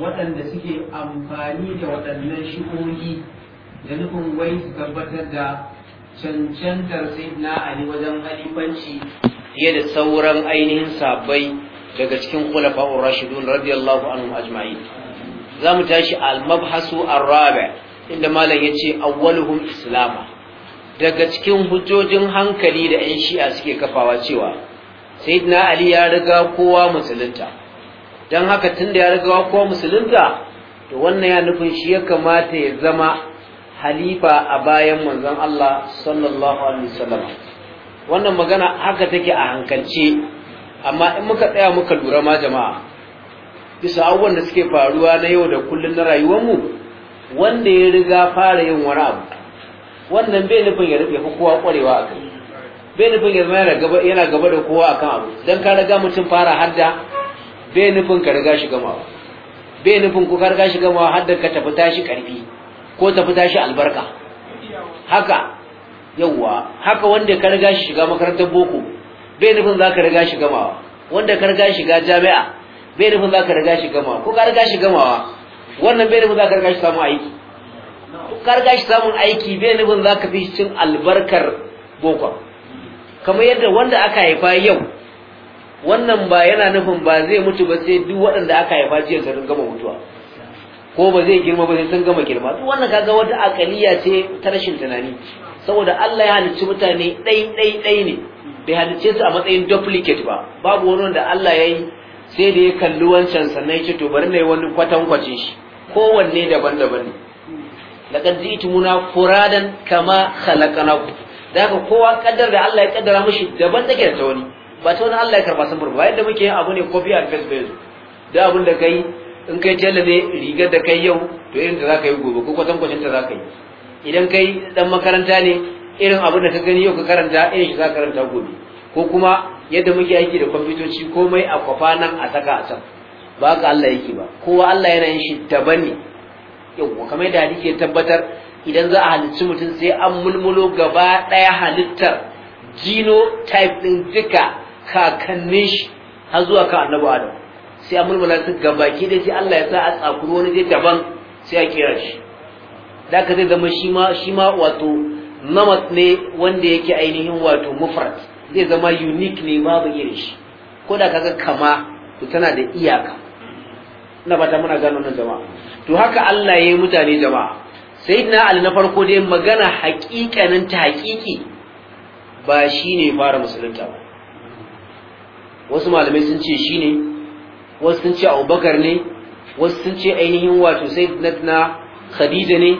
waɗanda suke amfani da waɗannan shi'o'i da nufin wai su tabbatar da cancantar na ali wajen halifanci fiye da sauran ainihin sabai daga cikin khulafa'ur rashidun radiyallahu anhu ajma'in za mu tashi al-mabhasu a rabi inda malam ya ce a awwaluhum islama daga cikin hujjojin hankali da 'yan shi'a suke kafawa cewa sayyidina ali ya riga kowa musulunta don haka tun da ya riga ko musulunta to wannan ya nufin shi ya kamata ya zama halifa a bayan manzon Allah sallallahu alaihi wasallam wannan magana haka take a hankalce amma in muka tsaya muka lura ma jama'a bisa abubuwan da suke faruwa na yau da kullum na rayuwarmu wanda ya riga fara yin wani abu wannan bai nufin ya rufe kowa kwarewa a kai bai nufin ya zama yana gaba da kowa akan abu don ka riga mutum fara hadda bai nufin ka riga shi gamawa bai nufin ku riga shi gama har da ka tafi tashi karfi ko tafi tashi albarka haka yawwa haka wanda ka riga shi shiga makarantar boko bai nufin za ka riga shi gamawa wanda ka riga shiga jami'a bai nufin za ka riga shi gama ko ka riga shi gamawa wannan bai nufin za ka riga shi samun aiki ka riga shi samun aiki bai nufin za ka fi cin albarkar boko kamar yadda wanda aka haifa yau wannan ba yana nufin ba zai mutu ba sai duk waɗanda aka haifa jiya sun gama mutuwa ko ba zai girma ba sai sun gama girma duk wannan kaga wata akaliya ce ta rashin tunani saboda Allah ya halicci mutane ɗai ɗai ɗai ne bai halicce su a matsayin duplicate ba babu wani wanda Allah ya yi sai da ya kalli wancan sannan ya ce to bari na yi wani kwatan-kwace shi kowanne daban-daban ne laqad ji'tumuna furadan kama khalaqnakum da kowa kaddar da Allah ya kaddara mishi daban take da ta wani ba ta wani Allah ya karba samfur ba yadda muke yin abu ne kofi a face bai zo da abin da kai in kai tela ne rigar da kai yau to irin da zaka yi gobe ko kwatan kwatan da zaka yi idan kai dan makaranta ne irin abin da ka gani yau ka karanta irin shi za ka karanta gobe ko kuma yadda muke aiki da kwamfutoci komai a kwafa nan a saka a can ba ka Allah yake ba kowa Allah yana yin shi daban ne yau kamar da hadisi ya tabbatar idan za a halicci mutum sai an mulmulo gaba daya halittar genotype din duka kakannin shi har zuwa kan annabi adam sai a mulmula su gabaki dai sai Allah ya sa a tsakuri wani dai daban sai a kira shi da ka zai zama shi ma shi ma wato namat ne wanda yake ainihin wato mufrad zai zama unique ne babu irin shi ko da kaga kama to tana da iyaka ina fata muna gano nan jama'a to haka Allah ya yi mutane jama'a sayyidina Ali na farko dai magana haƙiƙanin ta haƙiƙi ba shine fara musulunta ba wasu malamai sun ce shi ne wasu sun ce abubakar ne wasu sun ce ainihin wato sai na khadija ne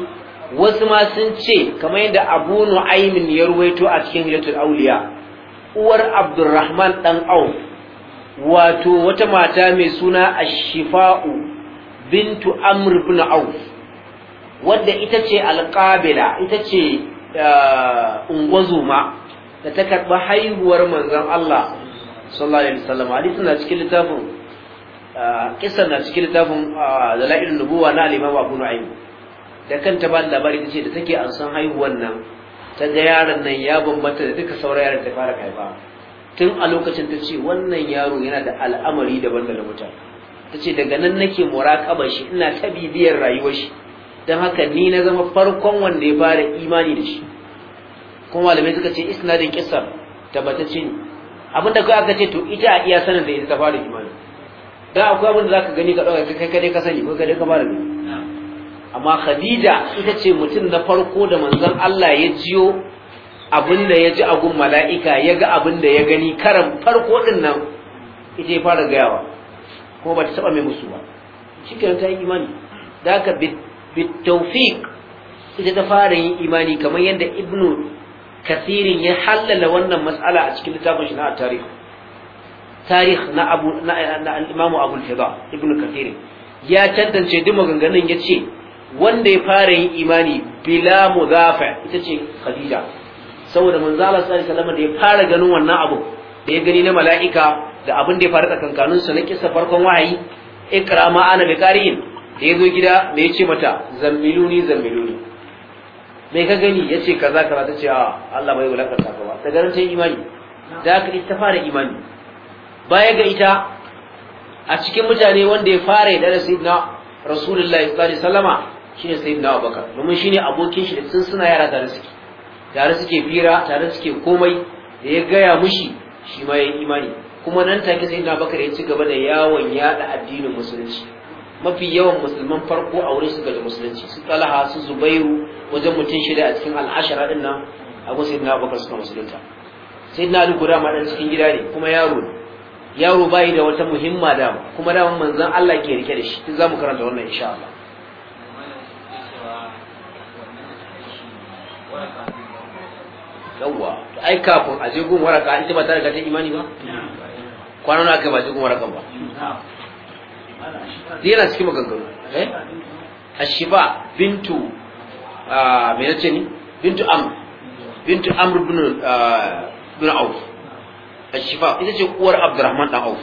wasu ma sun ce kamar yadda abu nu'aymin ya ruwaito a cikin hilatul auliya uwar abdurrahman dan au wato wata mata mai suna ashifa'u bintu amr ibn Au. wadda ita ce alqabila ita ce uh, ungwazuma da ta karɓi haihuwar manzon Allah sallallahu alaihi wasallam hadisin na cikin littafin kisan na cikin littafin dalail nubuwa na al-imam Abu Nu'aym da kanta ba labari tace da take an san haihuwan nan ta ga yaron nan ya bambanta da duka sauran yaran da fara kaifa tun a lokacin ta ce wannan yaro yana da al'amari daban da mutane ta ce daga nan nake muraƙaba shi ina ta bibiyar rayuwar shi don haka ni na zama farkon wanda ya fara imani da shi kuma malamai suka ce isnadin kisa tabbatacce ne abinda kai aka ce to ita a iya sanin da ita ta fara imani dan akwai abin da zaka gani ka dauka kai kai ka sani ko kai ka fara gani amma khadija ita ce mutum na farko da manzon Allah ya jiyo abin ya ji a gun mala'ika ya ga abin ya gani karan farko din nan ita ya fara gayawa kuma ba ta taba mai musu ba shikenan ta yi imani da aka bit tawfiq ita ta fara yin imani kamar yadda ibnu kasirin ya hallala wannan mas'ala a cikin littafin shi na tarih na abu abu al-fida ibnu kathir ya tantance duk maganganun ya ce wanda ya fara yin imani bila mudafa ita ce khadija saboda manzo Allah sallallahu alaihi da ya fara ganin wannan abu da ya gani na mala'ika da abin da ya faru tsakankanin su na kisa farkon wahayi ikrama ana bi qari'in da ya zo gida da ya ce mata zammiluni zammiluni me ka gani ya ce kaza kaza ta ce a ah, Allah bai wulakanta ka ba ta garantin imani da ka ita fara imani baya ga ita a cikin mutane wanda ya fara ya da sayyidina rasulullahi sallallahu alaihi wasallama shine sayyidina abubakar domin shine abokin shi da tun suna yara tare suke tare suke fira tare suke komai da ya gaya mushi shi ma ya imani kuma nan take sayyidina abubakar ya ci gaba da yawon yada addinin musulunci mafi yawan musulman farko a wurin su gaji musulunci su talaha su zubairu wajen mutum shida a cikin al'ashara din nan a gun na bakar suka musulunta Sai na ali guda ma dan cikin gida ne kuma yaro ne yaro bayi da wata muhimma dama kuma daman manzon Allah ke rike da shi tun zamu karanta wannan insha Allah yawwa to ai kafin a je gun waraka ita ba ta riga ta imani ba kwanan aka ba je gun waraka ba yana cikin maganganu eh ashiba bintu ah, me ni bintu bintu amr bin ah, bin auf ashiba ita ce uwar abdurrahman dan auf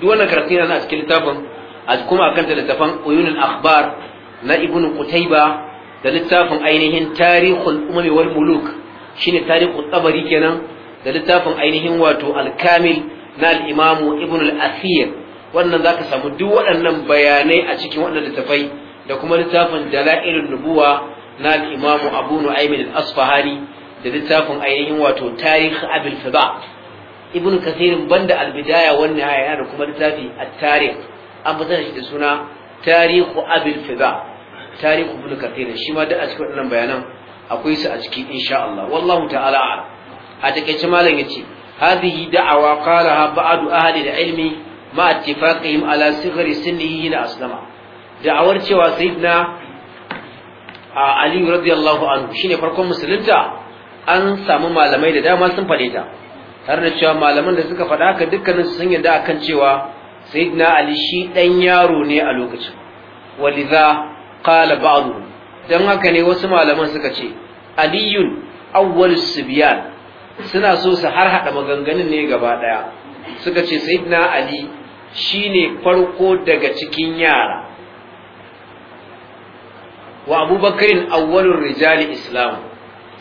duk wannan karatu yana a cikin littafin a kuma akan da littafin uyunul akhbar na ibnu qutayba da littafin ainihin tarihul umami wal muluk shine tarihul tabari kenan da littafin ainihin wato al-kamil na al-imamu ibn al wannan za ta samu duk waɗannan bayanai a cikin waɗannan littafai da kuma littafin dalailun nubuwa na al-Imam Abu Nu'aym al da littafin ainihin wato Tarikh Abil Fida Ibn Kathir banda al-Bidaya wan Nihaya da kuma littafi a tarih an fitar shi da suna Tarikh Abil Fida Tarikh Ibn Kathir shi ma da a cikin waɗannan bayanan akwai su a ciki insha Allah wallahu ta'ala a takaice malam yace hadhihi da'awa qalaha ba'du ahli al-ilmi ma attifaqihim ala sighri sinnihi na aslama da'awar cewa sayyidina Aliyu radiyallahu anhu shine farkon musulunta an samu malamai da dama sun fade har da cewa malaman da suka faɗa haka dukkanin sun yarda akan cewa sayyidina ali shi ɗan yaro ne a lokacin waliza kala ba'du dan haka ne wasu malaman suka ce aliyun awwalus subyan suna so su harhaɗa maganganun ne gaba ɗaya? suka ce sayyidina ali shine farko daga cikin yara wa abubakarin awwalur rijali islam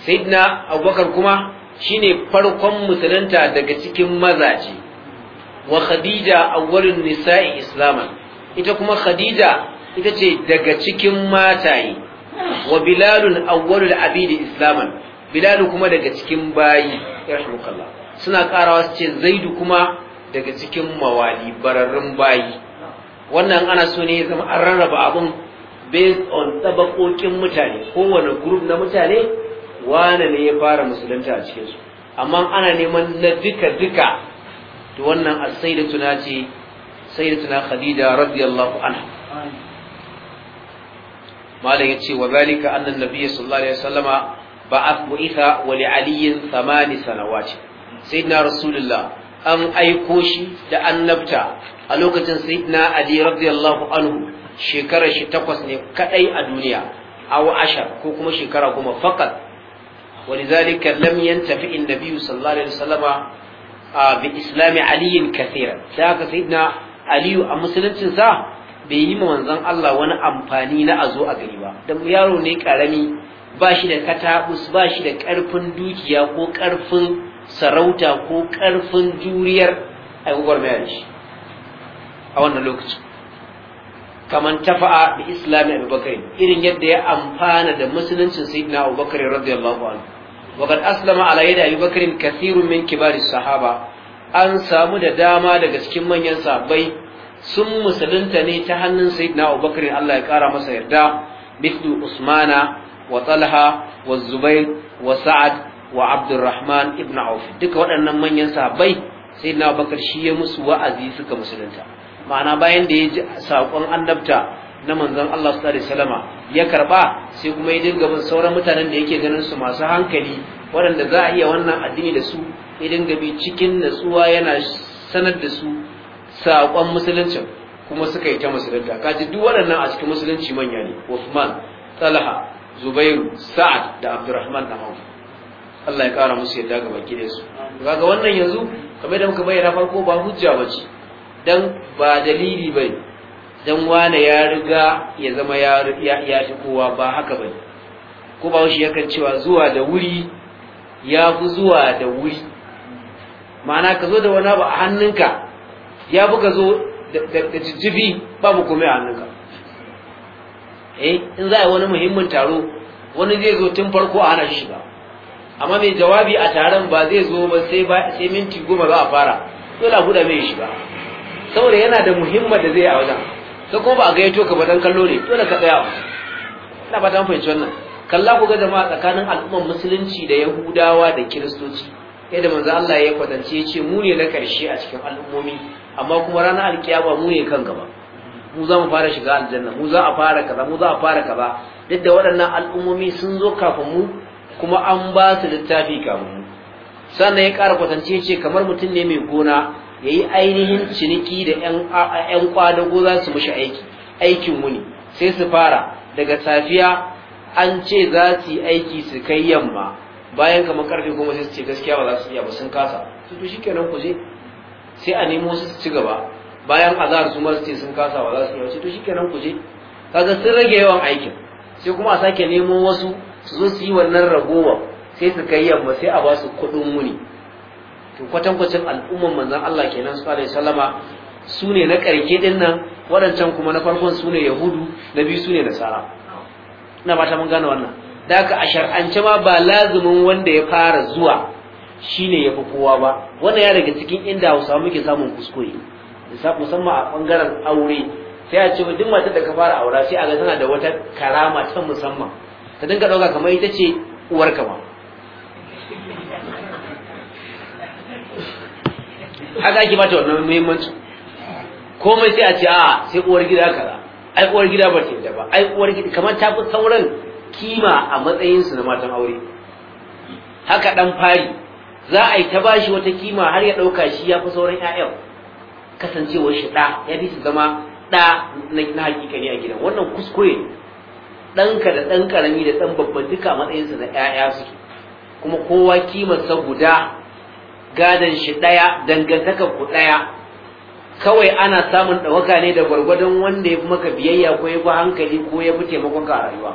sayyidina abubakar kuma shine farkon musulunta daga cikin mazaje wa khadija awwalun nisa'i islaman ita kuma khadija ita ce daga cikin mataye wa bilalun awwalul abidi islaman bilalu kuma daga cikin bayi suna karawa su ce zaidu kuma daga cikin mawali bararrun bayi wannan ana so ne zama an rarraba abun based on tabakokin mutane kowane group na mutane wane ne ya fara musulunta a cikin su. amma ana neman na duka duka to wannan sai da sayyidatuna ce sai da sayyidatuna khadija radiyallahu anha malam ya yace wa zalika anna an-nabiy sallallahu alaihi wasallama ba'ath bu'itha wa li ali thamani sanawat sayyidina rasulullah an aiko shi da annabta a lokacin sayyidina ali radiyallahu anhu shekara shi takwas ne kadai a duniya aw ashar ko kuma shekara kuma faqat walidhalika lam yantafi an-nabi sallallahu alaihi wasallama bi islami ali kathira da haka sayyidina ali a musuluncin sa bai yi ma manzon Allah wani amfani na azo a gari ba dan yaro ne karami ba shi da katabus ba shi da karfin dukiya ko karfin sarauta ko karfin juriyar aiwuwar mayanci a wannan lokacin kamar tafa'a da islami a bakari irin yadda ya amfana da musuluncin sai na abubakarin radiyallahu anhu wakar aslama ala yadda abubakarin kathirun min kibari sahaba an samu da dama daga cikin manyan sabai sun musulunta ne ta hannun sai na abubakarin allah ya kara masa yarda mithlu usmana wa talha wa zubair wa sa'ad wa abdurrahman ibn auf duka waɗannan manyan sahabbai sai na bakar shi ya musu wa'azi suka musulunta ma'ana bayan da ya ji saƙon annabta na manzon Allah sallallahu alaihi wasallam ya karba sai kuma ya dinga bin sauran mutanen da yake ganin su masu hankali waɗanda za a iya wannan addini da su ya dinga bi cikin natsuwa yana sanar da su saƙon musuluncin kuma suka yi ta musulunta kaji duk waɗannan a cikin musulunci manya ne Uthman Talha Zubairu Sa'ad da Abdurrahman na Allah ya kara musu yadda ga baki da su kaga wannan yanzu kamar da muka bayyana farko ba hujja bace dan ba dalili bai. dan wane ya riga ya zama ya ya fi kowa ba haka bane ko ba shi yakan cewa zuwa da wuri ya fi zuwa da wuri ma'ana ka zo da wani abu a hannunka ya fi ka zo da ba babu komai a hannunka eh in za a yi wani muhimmin taro wani zai zo tun farko a hana shi shiga amma mai jawabi a taron ba zai zo ba sai minti goma za a fara dole a guda mai shi ba saboda yana da muhimmar da zai a wajen sai kuma ba a gayyato ka ba dan kallo ne dole ka tsaya ina ba ta fahimci wannan kalla ku ga jama'a tsakanin al'ummar musulunci da yahudawa da kiristoci yadda manzo Allah ya kwatance ya ce mu ne na karshe a cikin al'ummomi amma kuma ranar alkiyama mu ne kan gaba mu za mu fara shiga aljanna mu za a fara kaza mu za a fara kaza duk da waɗannan al'ummomi sun zo kafin mu kuma an ba su littafi kamun sannan ya ƙara kwatance ce kamar mutum ne mai gona ya yi ainihin ciniki da 'yan kwadago za su mushi aiki aikin wuni sai su fara daga safiya an ce za su yi aiki su kai yamma bayan kamar karfe goma sai su ce gaskiya ba za su iya ba sun kasa su tushi shikenan ku je sai a nemo su ci gaba bayan azhar su mar su ce sun kasa ba za su iya ba tushi shikenan ku je kaga sun rage yawan aikin sai kuma a sake nemo wasu su zo su yi wannan ragowa sai su kai yamma sai a ba su kuɗin wuni to kwatankwacin al'umman manzon Allah kenan su alaihi sallama su ne na ƙarke ɗin nan waɗancan kuma na farkon su ne yahudu na biyu su ne nasara ina ba ta mun gane wannan da haka a shar'ance ma ba lazumin wanda ya fara zuwa shine ya fi kowa ba wannan ya daga cikin inda hausawa muke samun kuskure musamman a bangaren aure sai a ce duk matar da ka fara aura sai a ga tana da wata karama ta musamman ka dinga ɗauka kamar ita ce uwar ba. haka ake mata wannan muhimmanci komai sai a ce a sai uwar gida kaza ai uwar gida ba ta ba ai uwar gida kamar ta fi sauran kima a matsayinsu na matan aure haka dan fari za a yi ta bashi wata kima har ya ɗauka shi ya fi sauran 'ya'yan kasancewar shi ɗa ya fi su zama ɗa na hakika ne a gidan wannan kuskure ɗanka da ɗan ƙarami da ɗan babban duka matsayinsa na ‘ya'ya suke kuma kowa kimarsa guda gadon shi ɗaya dangantakar ku ɗaya kawai ana samun ɗaukaka ne da gwargwadon wanda ya fi maka biyayya ko ya fi hankali ko ya fi taimakon ka rayuwa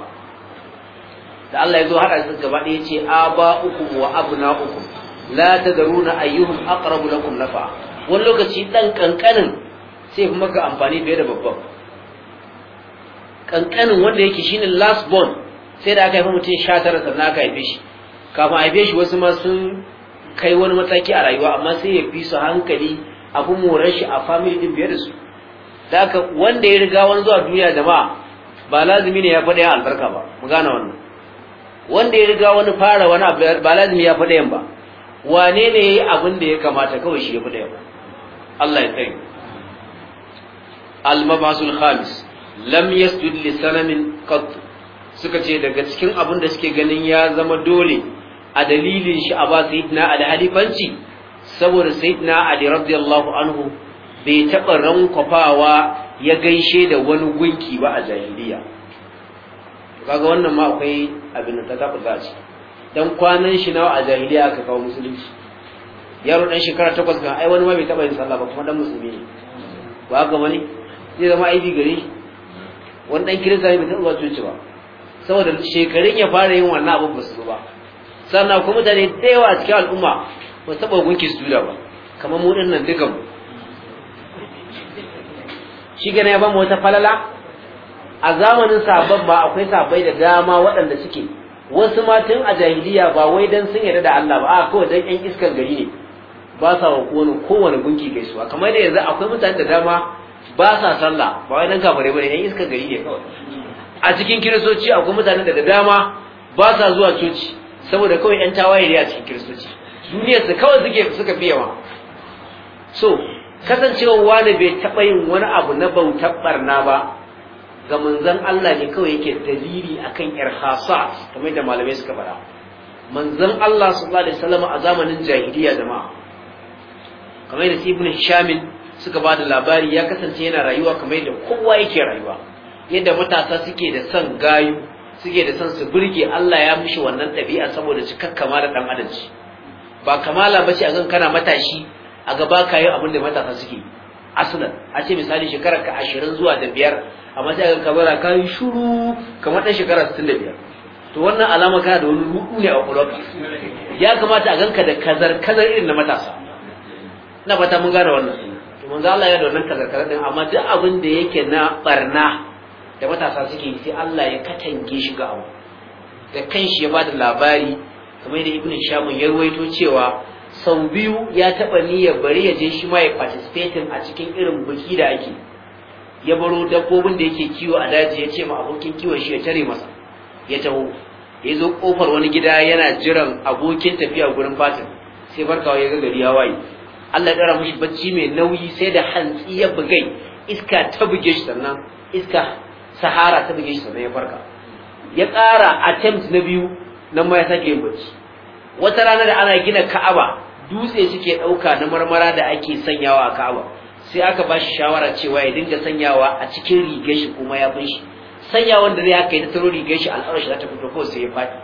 da Allah ya zo haɗa su gaba ɗaya ce a ba uku wa abna uku la ta ayyuhum aqrabu lakum nafa wani lokaci ɗan ƙanƙanin sai fi maka amfani fiye da babban kankanin wanda yake shine last born sai da aka haifi mutum sha tara sannan aka haife shi kafin haife shi wasu ma sun kai wani mataki a rayuwa amma sai ya fi su hankali a fi moran shi a family din biyar da su da aka wanda ya riga wani zuwa duniya da ba lazimi ne ya faɗa yan albarka ba mu gane wannan wanda ya riga wani fara wani abu ba lazimi ya faɗa yan ba wane ne ya yi abin da ya kamata kawai shi ya faɗa yan Allah ya kai al-mabasul khamis lam yasjud li sanamin qat suka ce daga cikin abin da suke ganin ya zama dole a dalilin shi a ba sayyidina ali halifanci saboda sayyidina ali radiyallahu anhu bai taɓa rankwafawa ya gaishe da wani gunki ba a jahiliya kaga wannan ma akwai abin da ta taɓa za ci dan kwanan shi nawa a jahiliya aka kawo musulunci yaro dan shekara takwas kan ai wani ma bai taɓa yin sallah ba kuma dan musulmi ne ba ga wani zai zama aibi gare shi wani ɗan kirista ne bai taɓa coci ba saboda shekarun ya fara yin wannan abin ba su ba sannan kuma mutane da yawa a cikin al'umma ba su taɓa gunki su ba kamar mu nan duka mu shi gane ya ba mu wata falala a zamanin sabon ba akwai sabai da dama waɗanda suke wasu matan a jahiliya ba wai dan sun yarda da Allah ba a kawai dan ƴan iskar gari ne ba sa wa kowane gunki gaisuwa kamar da yanzu akwai mutane da dama ba sa sallah ba wai nan kafare bane yan iska gari ne kawai a cikin kiristoci akwai mutanen da dama ba sa zuwa coci saboda kawai yan tawaye ne a cikin kiristoci duniyar su kawai suke suka fiye ma so kasancewar wani bai taɓa yin wani abu na bautar barna ba ga manzon Allah ne kawai yake dalili akan irhasat kamar da malamai suka fara manzon Allah sallallahu alaihi wasallam a zamanin jahiliya jama'a kamar da Ibn Hisham suka ba da labari ya kasance yana rayuwa kamar yadda kowa yake rayuwa yadda matasa suke da son gayu suke da son su burge Allah ya mishi wannan ɗabi'a saboda cikar da ɗan adam ce ba kamala ba ce a gan kana matashi a gaba ka yi abin da matasa suke asulan a ce misali shekarar ka ashirin zuwa da biyar amma sai a gan kamala ka yi shuru kamar ɗan shekara sittin da biyar to wannan alama kana da wani ruɗu ne a ƙwaƙwalwarka ya kamata a ganka da kazar kazar irin na matasa na fata mun gane wannan manzo Allah ya da wannan kazarkazar din amma duk abin da yake na barna da matasa suke yi sai Allah ya katange shi ga abu da kanshi ya bada labari kamar da ibnu shamun ya ruwaito cewa sau biyu ya taba niyyar bari ya je shi ma ya participating a cikin irin biki da ake ya baro dabbobin da yake kiwo a daji ya ce ma abokin kiwon shi ya tare masa ya taho ya zo kofar wani gida yana jiran abokin tafiya gurin fatin sai farkawa ya ga gari ya waye Allah ya dara mishi bacci mai nauyi sai da hantsi ya bugai iska ta buge shi sannan iska sahara ta buge shi sannan ya farka ya ƙara attempt na biyu nan ma ya sake yin bacci wata rana da ana gina Ka'aba dutse suke ɗauka na marmara da ake sanyawa a Ka'aba sai aka ba shi shawara cewa ya dinga sanyawa a cikin rigar shi kuma ya bin shi sanyawan da zai haka ya tattaro rigar shi al'aurar shi za ta fito ko sai ya faɗi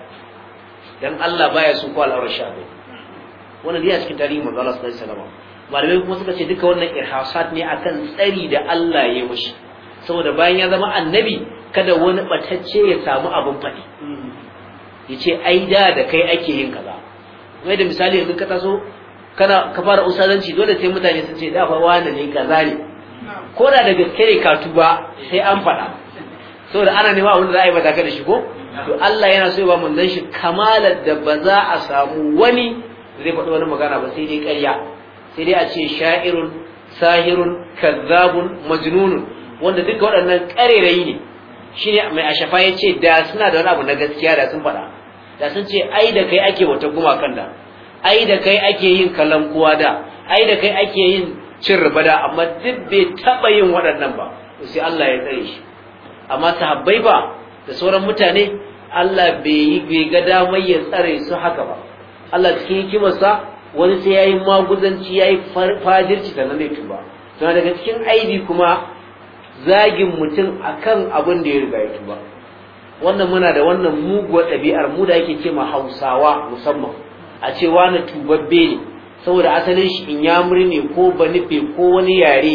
dan Allah baya so ko al'aurar shi wannan dai a cikin tarihi manzo Allah sallallahu alaihi wasallam malamai kuma suka ce duka wannan irhasat ne akan tsari da Allah ya mushi saboda bayan ya zama annabi kada wani batacce ya samu abin faɗi ya ce ai da da kai ake yin kaza mai da misali yanzu ka taso kana ka fara usalanci dole sai mutane sun ce da fa wani ne kaza ne ko da daga gaske ne ba sai an faɗa saboda ana nema abin da za a yi mataka da shi ko to Allah yana so ya ba mun dan shi kamalar da ba za a samu wani zai faɗi wani magana ba sai dai ƙarya sai dai a ce sha'irun sahirun kazzabun majnunun wanda duka waɗannan ƙarerayi ne shine mai ashafa ya ce da suna da wani abu na gaskiya da sun faɗa da sun ce ai da kai ake wata gumakan da ai da kai ake yin kalan kuwa da ai da kai ake yin cin riba da amma duk bai taɓa yin waɗannan ba sai Allah ya tsare shi amma sahabbai ba da sauran mutane Allah bai yi bai ga damar ya tsare su haka ba Allah cikin hikimarsa wani sai yayi maguzanci yayi fajirci nan ne tuba to daga cikin aibi kuma zagin mutum akan abin da ya riga ya tuba wannan muna da wannan muguwar ɗabi'ar mu da yake ce ma Hausawa musamman a ce wani tubabbe ne saboda asalin shi in yamuri ne ko banife ko wani yare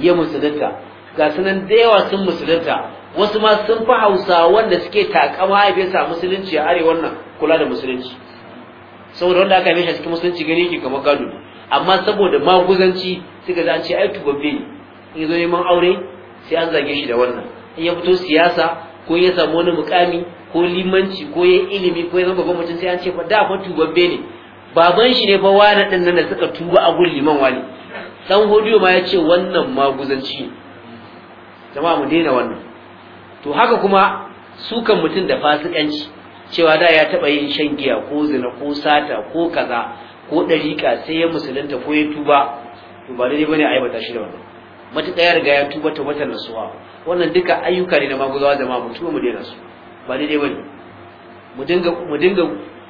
ya musulunta ga sunan da yawa sun musulunta wasu ma sun fi Hausawa wanda suke takama ya fesa musulunci a arewa wannan kula da musulunci saboda wanda aka shi cikin musulunci gani yake kamar gado amma saboda maguzanci suka ga an ce ai tubabbe ne in zo neman aure sai an zage shi da wannan in ya fito siyasa ko ya samu wani mukami ko limanci ko ya ilimi ko ya zama babban mutum sai an ce fa da fa tubabbe ne baban shi ne fa wani din nan da suka tuba a gun liman wani dan hodiyo ma ya ce wannan maguzanci jama'a mu daina wannan to haka kuma sukan mutum da fasikanci cewa da ya taɓa yin shan giya ko zina ko sata ko kaza ko ɗariƙa sai ya musulunta ko ya tuba to ba daidai bane a aibata shi da wannan matuƙa ya riga ya tuba ta watan nasuwa wannan duka ayyuka ne na maguzawa da mu tuba mu daina su ba daidai bane mu dinga mu dinga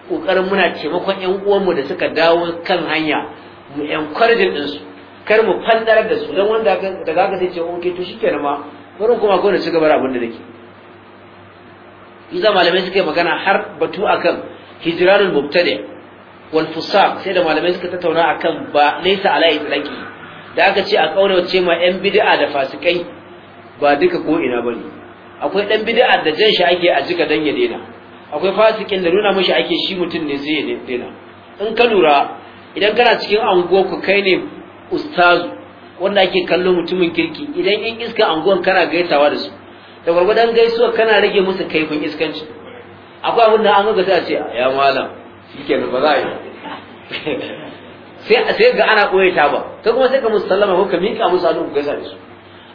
kokarin muna taimakon ƴan uwanmu da suka dawo kan hanya mu encourage din su kar mu fandarar da su don wanda daga ga sai ce okay to shikenan ma bari kuma ko na ci gaba da abin da nake idan malamai suka yi magana har batu akan hijranul mubtadi wal fusaq sai da malamai suka tattauna akan ba laysa ala itlaqi da aka ce a wace ma yan bid'a da fasikai ba duka ko ina bane akwai dan bid'a da jan shi ake a jika dan ya daina akwai fasikin da nuna mishi ake shi mutum ne sai ya daina in ka lura idan kana cikin anguwar ku kai ne ustazu wanda ake kallon mutumin kirki idan in iska anguwan kana gaisawa da su da gwargwadon gaisuwa kana rage musu kaifin iskanci akwai abin da an ga sai a ce ya malam shikenan ba za a yi sai sai ga ana koyi ta ba kai kuma sai ka musu sallama ko ka mika musu hannu ku gaisa da su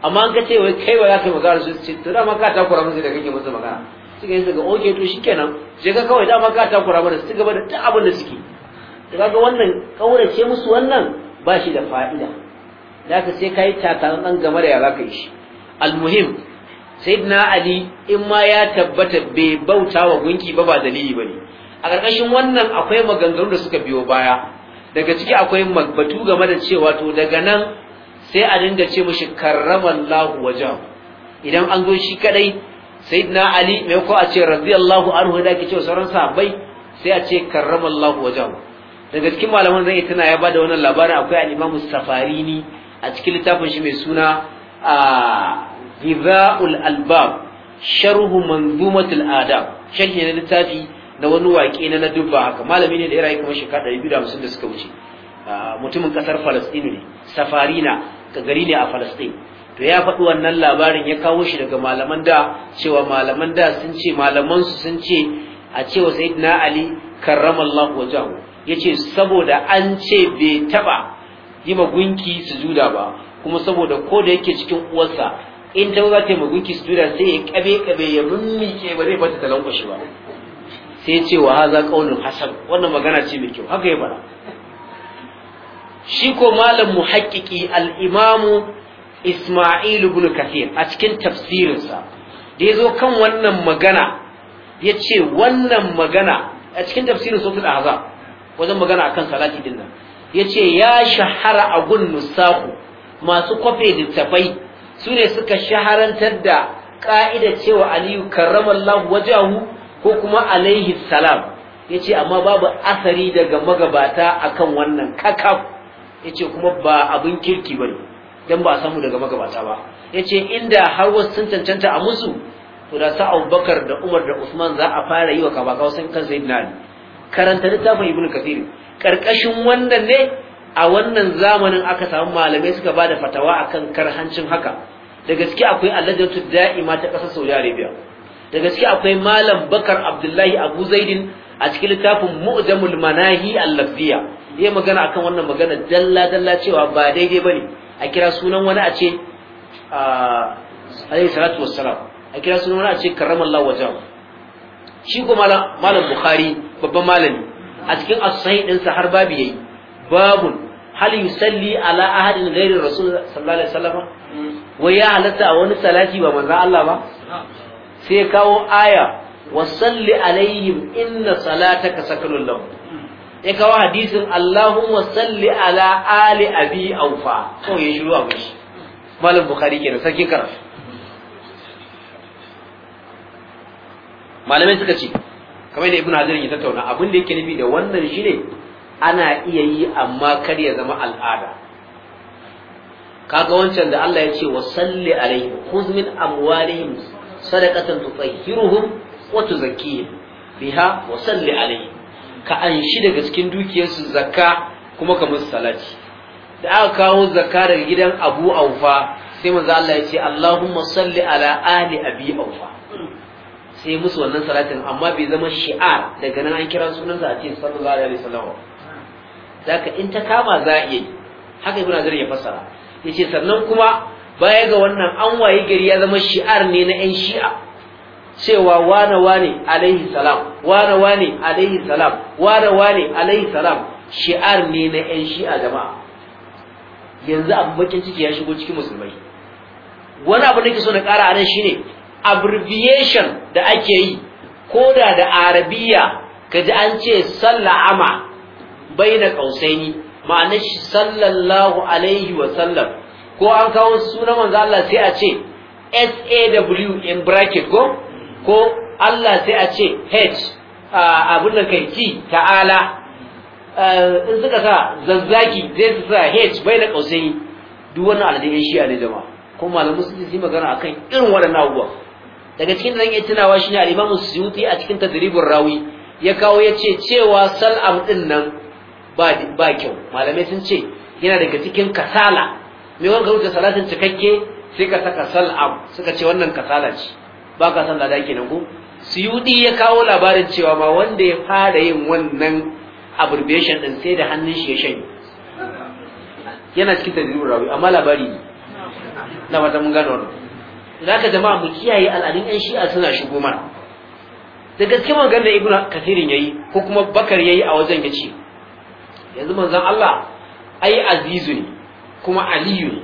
amma an ka ce wai kai ba za ka magana su ce to dama ka takura musu da kake musu magana ka yi suka oke to shikenan je ka kawai dama ka takura mana su gaba da ta abin da suke ga ga wannan kaurace musu wannan ba shi da fa'ida da ka sai kai takalan game da ya za ka yi shi almuhim sayyidina ali in ma ya tabbata bai bauta wa gunki ba ba dalili bane a ƙarƙashin wannan akwai maganganu da suka biyo baya daga ciki akwai batu game da cewa to daga nan sai a dinga ce mishi karramallahu wajen idan an zo shi kadai sayyidina ali mai ko a ce radiyallahu anhu da ke cewa sauran sahabbai sai a ce karramallahu wajen daga cikin malaman zan tana ya bada wannan labarin akwai al-imamu safarini a cikin littafin shi mai suna a ah, giza'ul albab sharhu manzumatul adab sharhi na littafi na wani waƙe na dubba haka malami ne da ya rayu kuma shekara 250 da suka wuce ah, mutumin ƙasar Falastinu ne safarina ka gari ne a Falastin to ya faɗi wannan labarin ya kawo shi daga malaman da cewa malaman da sun ce malaman sun ce a cewa sayyidina Ali karramallahu wajahu yace saboda an ce bai taba yi ma gunki sujuda ba kuma saboda ko da yake cikin uwarsa in ta za ta su sujuda sai ya kabe kabe ya mummike ba zai bata shi ba sai ce wa haza qaulun hasan wannan magana ce mai kyau haka ya fara shi ko malam muhaqqiqi al-imamu Isma'il ibn Kathir a cikin tafsirinsa da yazo kan wannan magana yace wannan magana a cikin tafsirin suratul haza, wajen magana akan salati din nan yace ya shahara agun nusahu masu kwafe tafai. su ne suka shaharantar da ka'ida cewa aliyu karramallahu wajahu ko kuma alaihi salam ya amma babu asari daga magabata akan wannan kakaf ya kuma ba abin kirki ba dan ba samu daga magabata ba yace inda har wasu sun cancanta a musu to da sa abubakar da umar da usman za a fara yi wa kabaka sun kan Sayyidina Ali karanta littafin ibnu Kathir karkashin wannan ne a wannan zamanin aka samu malamai suka bada fatawa akan karhancin haka da gaske akwai allajatu da'ima ta ƙasar saudi arabia da gaske akwai malam bakar abdullahi abu zaidin a cikin littafin mu'jamul manahi al Lafiya? yayi magana akan wannan magana dalla dalla cewa ba daidai bane a kira sunan wani a ce alayhi salatu wassalam a kira sunan wani a ce karramallahu wajhahu shi ko malam malam bukhari babban malami a cikin as-sahih din sa har babu yayi babun hal yusalli ala ahadin ghairi rasul sallallahu alaihi wasallam wai ya halatta a wani salati ba manzan Allah ba sai ya kawo aya wasalli alaihim inna salataka sakanun lahu ya kawo hadisin Allahumma salli ala ali abi aufa so ya shiru abin shi malam bukhari kenan sarkin karatu malamai suka ce kamar da ibnu hajar ya tattauna abin da yake nufi da wannan shine ana iya yi amma kar ya zama al'ada kaga wancan da Allah ya ce wa salli alaihim khudh min amwalihim sadaqatan tutahhiruhum wa tuzakkihim biha wa salli alaihim ka anshi daga cikin dukiyarsu zakka kuma ka musu salati da aka kawo zakka daga gidan Abu Aufa sai manzo Allah ya ce Allahumma salli ala ali abi Aufa sai musu wannan salatin amma bai zama shi'ar daga nan an kira sunansa a ce sallallahu alaihi wasallam zaka in ta kama za a iya haka ibn Azir ya fassara yace sannan kuma baya ga wannan an waye gari ya zama shi'ar ne na 'yan shi'a cewa wane wane alaihi salam wane wane alaihi salam wane wane alaihi salam shi'ar ne na 'yan shi'a jama'a yanzu abu bakin ciki ya shigo cikin musulmai wani abu da ke so na ƙara anan shine abbreviation da ake yi ko da da arabiya kaji an ce sallama bai kausaini ma'anar shi sallallahu alaihi wa sallam ko an kawo sunan manzo Allah sai a ce SAW in bracket ko ko Allah sai a ce H abin da kai T ta'ala in suka sa zazzaki zai su sa H bai da kausayi duk wani aladun yan ne jama'a ko malamu su yi magana akan irin waɗannan abubuwa daga cikin zan iya tunawa shine al-Imam Suyuti a cikin tadribur rawi ya kawo ya ce cewa sal'am din nan ba kyau malamai sun ce yana daga cikin kasala mai wanka wuce salatin cikakke sai ka saka sal'am suka ce wannan kasala ce ba ka san lada kenan ko suyudi ya kawo labarin cewa ma wanda ya fara yin wannan abbreviation din sai da hannun shi ya shanye yana cikin tajribin rawi amma labari ne na wata mun gano wannan zaka jama'a mu kiyaye al'adun yan shi'a suna shigo mana da gaske maganar ibnu kathirin yayi ko kuma bakar yayi a wajen ya ce yanzu manzon Allah ai azizu ne kuma aliyu ne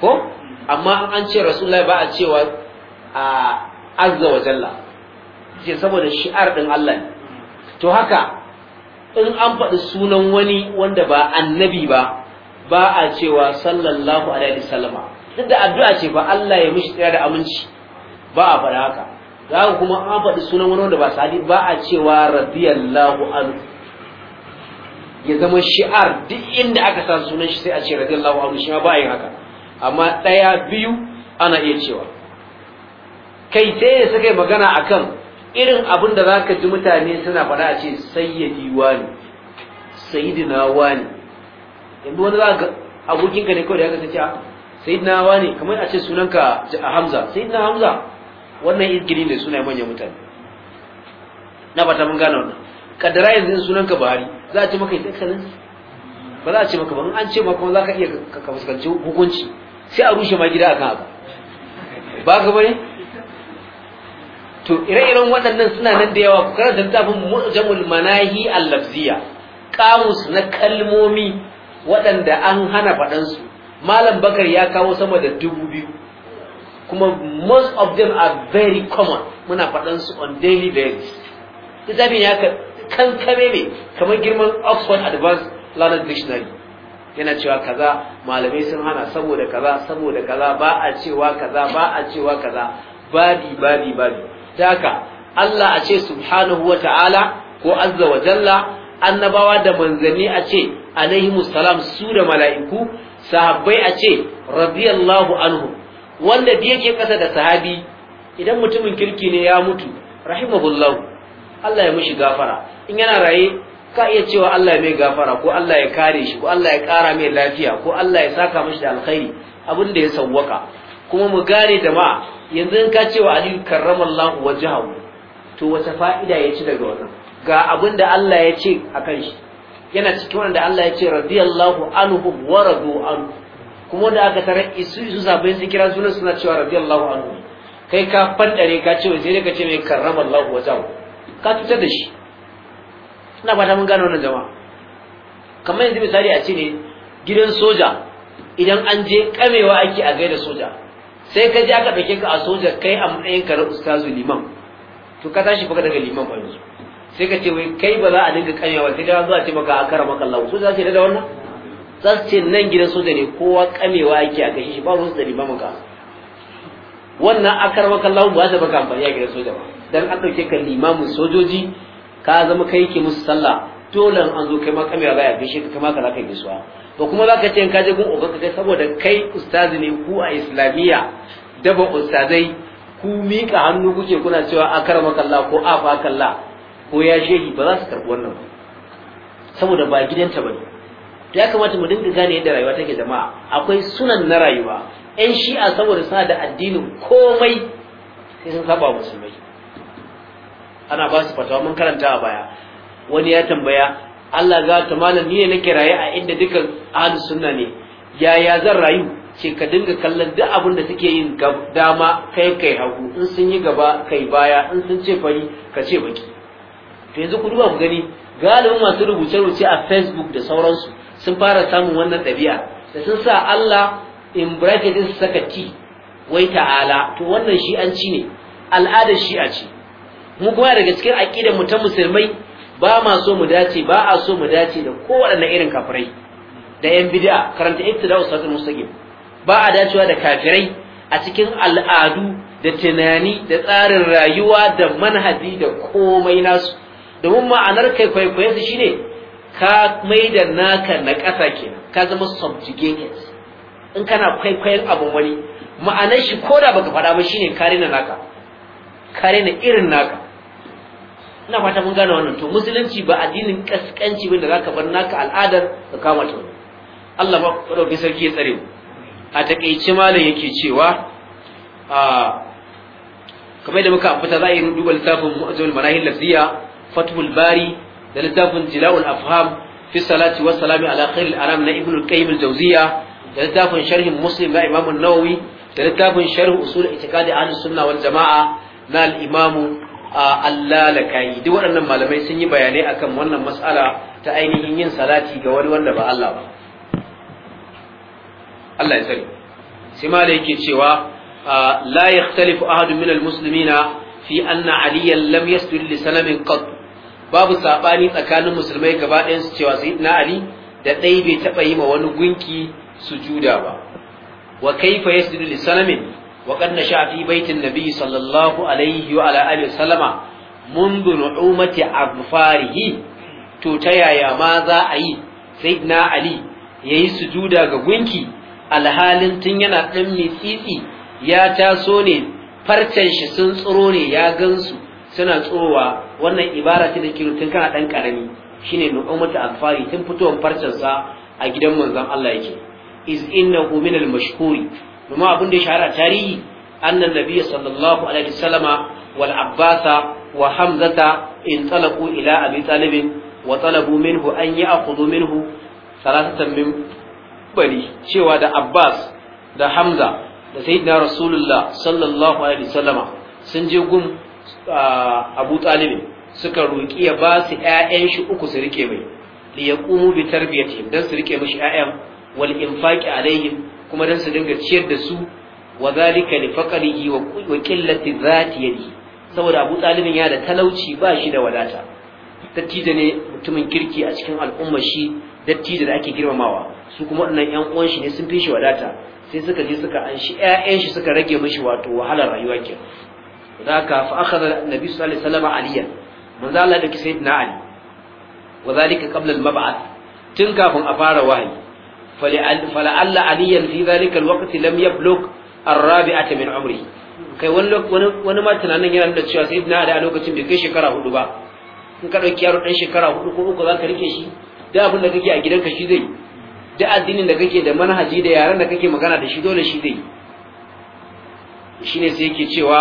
ko amma an ce rasulullahi ba a cewa a azza wa jalla ce saboda shi'ar din Allah ne to haka in an faɗi sunan wani wanda ba annabi ba ba a cewa sallallahu alaihi wasallama duk da addu'a ce ba Allah ya mishi tsaya da aminci ba a faɗa haka za kuma an faɗi sunan wani wanda ba sahabi ba a cewa radiyallahu anhu ya zama shi'ar duk inda aka sa sunan shi sai a ce radiyallahu anhu shi ma ba yin haka amma ɗaya biyu ana iya cewa kai sai ya saka magana akan irin abin da zaka ji mutane suna faɗa a ce sayyidi wani sayyidina wani yanzu wani zaka abokin ka ne kawai da ya kasance a sayyidina wani kamar a ce sunanka Hamza sayyidina Hamza wannan izgiri ne suna manyan mutane na ba ta mun gane wannan kaddara yanzu sunanka Buhari za a ce maka excellence ba za a ce maka ba an ce maka kuma za ka iya ka fuskanci hukunci sai a rushe ma gida akan haka ba ka bane to ire-iren waɗannan suna nan da yawa ku da littafin mu'jamul manahi al-lafziya kamus na kalmomi waɗanda an hana faɗansu malam bakar ya kawo sama da dubu biyu kuma most of them are very common muna faɗansu on daily basis littafin ya kankame ne kamar girman oxford advanced learning dictionary yana cewa kaza malamai sun hana saboda kaza saboda kaza ba a cewa kaza ba a cewa kaza babi babi babi ta haka Allah a ce subhanahu wa ta'ala ko azza wa jalla annabawa da manzanni a ce alaihimus salam su da mala'iku sahabbai a ce radiyallahu anhu wanda da yake kasa da sahabi idan mutumin kirki ne ya mutu rahimahullahu Allah ya mishi gafara in yana raye ka iya cewa Allah ya mai gafara ko Allah ya kare shi ko Allah ya kara mai lafiya ko Allah ya saka mishi da alkhairi abin da ya sawwaka kuma mu gane da ma yanzu in ka cewa Aliyu karramallahu wajhahu to wata fa'ida ya ci daga wannan ga abin da Allah ya ce akan shi yana cikin wanda Allah ya ce radiyallahu anhu wa radu anhu kuma da aka tare isu isu sabai su kira sunan suna cewa radiyallahu anhu kai ka fadare ka ce sai ka ce mai karramallahu wajhahu ka cutar da shi ina fata mun gane wannan jama'a kamar yanzu misali a ce ne gidan soja idan an je kamewa ake a gaida soja sai ka je aka ɗauke ka a soja kai a matsayin ka na ustazu liman to ka tashi baka daga liman ba yanzu sai ka ce wai kai ba za a dinga kamewa sai ka zuwa ce maka a kara maka Allah soja ce da wannan za su ce nan gidan soja ne kowa kamewa ake a gaishe shi ba ruwan da liman maka wannan akar maka Allah ba za ta baka amfani a gidan soja ba dan an dauke ka limamin sojoji ka zama kai ke musu sallah dole an zo kai ma kamera za ya gaishe ka kama ka zaka ka ba kuma za ka ce ka je gun oganka kai saboda kai ustazi ne ku a islamiyya daba ustazai ku mika hannu kuke kuna cewa a karama kalla ko a fa ko ya shehi ba za su karɓi wannan ba saboda ba gidanta ba ne ya kamata mu dinga gane yadda rayuwa take jama'a akwai sunan na rayuwa 'yan shi'a saboda suna da addinin komai sai sun saba musulmai ana ba su fatawa mun karanta a baya wani ya tambaya Allah za ta malam ni ne nake raye a inda dukan ahli sunna ne yaya zan rayu ce ka dinga kallon duk abin da suke yin dama kai kai hagu in sun yi gaba kai baya in sun ce fari ka ce baki to yanzu ku duba ku gani galibin masu rubuce-rubuce a facebook da sauransu sun fara samun wannan ɗabi'a da sun sa Allah in bracket saka ti wai ta'ala to wannan shi an ci ne al'ada shi a ce mu kuma daga cikin aƙidar mu ta musulmai ba ma so mu dace ba a so mu dace da kowanne irin kafirai da yan bid'a karanta ibtida'u siratal mustaqim ba a dacewa da kafirai a cikin al'adu da tunani da tsarin rayuwa da manhaji da komai nasu domin ma'anar kai kwaikwayon su shine ka mai da naka na ƙasa kenan ka zama subjugated in kana kwaikwayon abin wani ma'anar shi ko da baka faɗa ba shine kare na naka kare na irin naka ina fata mun gane wannan to musulunci ba addinin kaskanci da zaka bar naka al'adar ka kama ta Allah ba dauki sarki ya tsare a takeice malam yake cewa a kamar da muka ambata za a yi duba littafin mu'jamul manahil lafziya fathul bari da littafin jila'ul afham fi salati wa salami ala khairil anam na ibnu qayyim al-jawziya da littafin sharhin muslim na imam an-nawawi da littafin sharh usul itiqadi ahlus sunna wal jamaa na al-imam allala duk waɗannan malamai sun yi bayanai akan wannan mas'ala ta ainihin yin salati ga wani wanda ba Allah ba Allah ya sani. sai malai yake cewa la yakhtalifu ahadun min almuslimina fi anna aliyan lam yasjud li sanamin qat babu sabani tsakanin musulmai gaba ɗayan su cewa sayyidina ali da ɗai bai taɓa yi ma wani gunki sujuda ba wa kaifa yasjudu li sanamin? وقد نشا في بيت النبي صلى الله عليه وعلى اله وسلم منذ نعومه اظفاره توتيا يا ماذا اي سيدنا علي yayi sujuda ga gunki alhalin tun yana ɗan mitsitsi ya taso ne farcen shi sun tsoro ne ya gansu suna tsowa wannan ibara ce da tun kana dan karami shine nu'umatu alfari tun fitowar farcen sa a gidan manzon Allah yake iz innahu minal mashhuri domin abin da ya shahara tarihi annan nabi sallallahu alaihi wasallama wal abbasa wa hamzata in talaqu ila abi talib wa talabu minhu an ya'khudhu minhu salatatan min bari cewa da abbas da hamza da sayyidina rasulullah sallallahu alaihi wasallama sun je gum abu talib suka roki ya ba su ƴaƴan shi uku su rike mai li yaqumu bi tarbiyatihim dan su rike mishi ƴaƴan wal infaqi alaihim kuma dan su dinga ciyar da su wa zalika li faqrihi wa qillati dhati yadi saboda Abu Talibin ya da talauci ba shi da wadata dattijo ne mutumin kirki a cikin al'umma shi dattijo da ake girmamawa su kuma wannan yan uwan shi ne sun fi shi wadata sai suka je suka anshi ƴaƴan shi suka rage mishi wato wahalar rayuwa ke da haka fa akhadha nabi sallallahu alaihi wasallam aliyan manzo Allah da sayyidina ali wa zalika qabla al-mab'ath tun kafin a fara wahayi فلعل عليا في ذلك الوقت لم يبلغ الرابعة من عمره kai wani wani ma tunanin yana da cewa sai na da a lokacin bai kai shekara hudu ba in ka dauki yaro dan shekara hudu ko uku zaka rike shi da abin da kake a gidanka shi zai da addinin da kake da manhaji da yaran da kake magana da shi dole shi zai shine sai yake cewa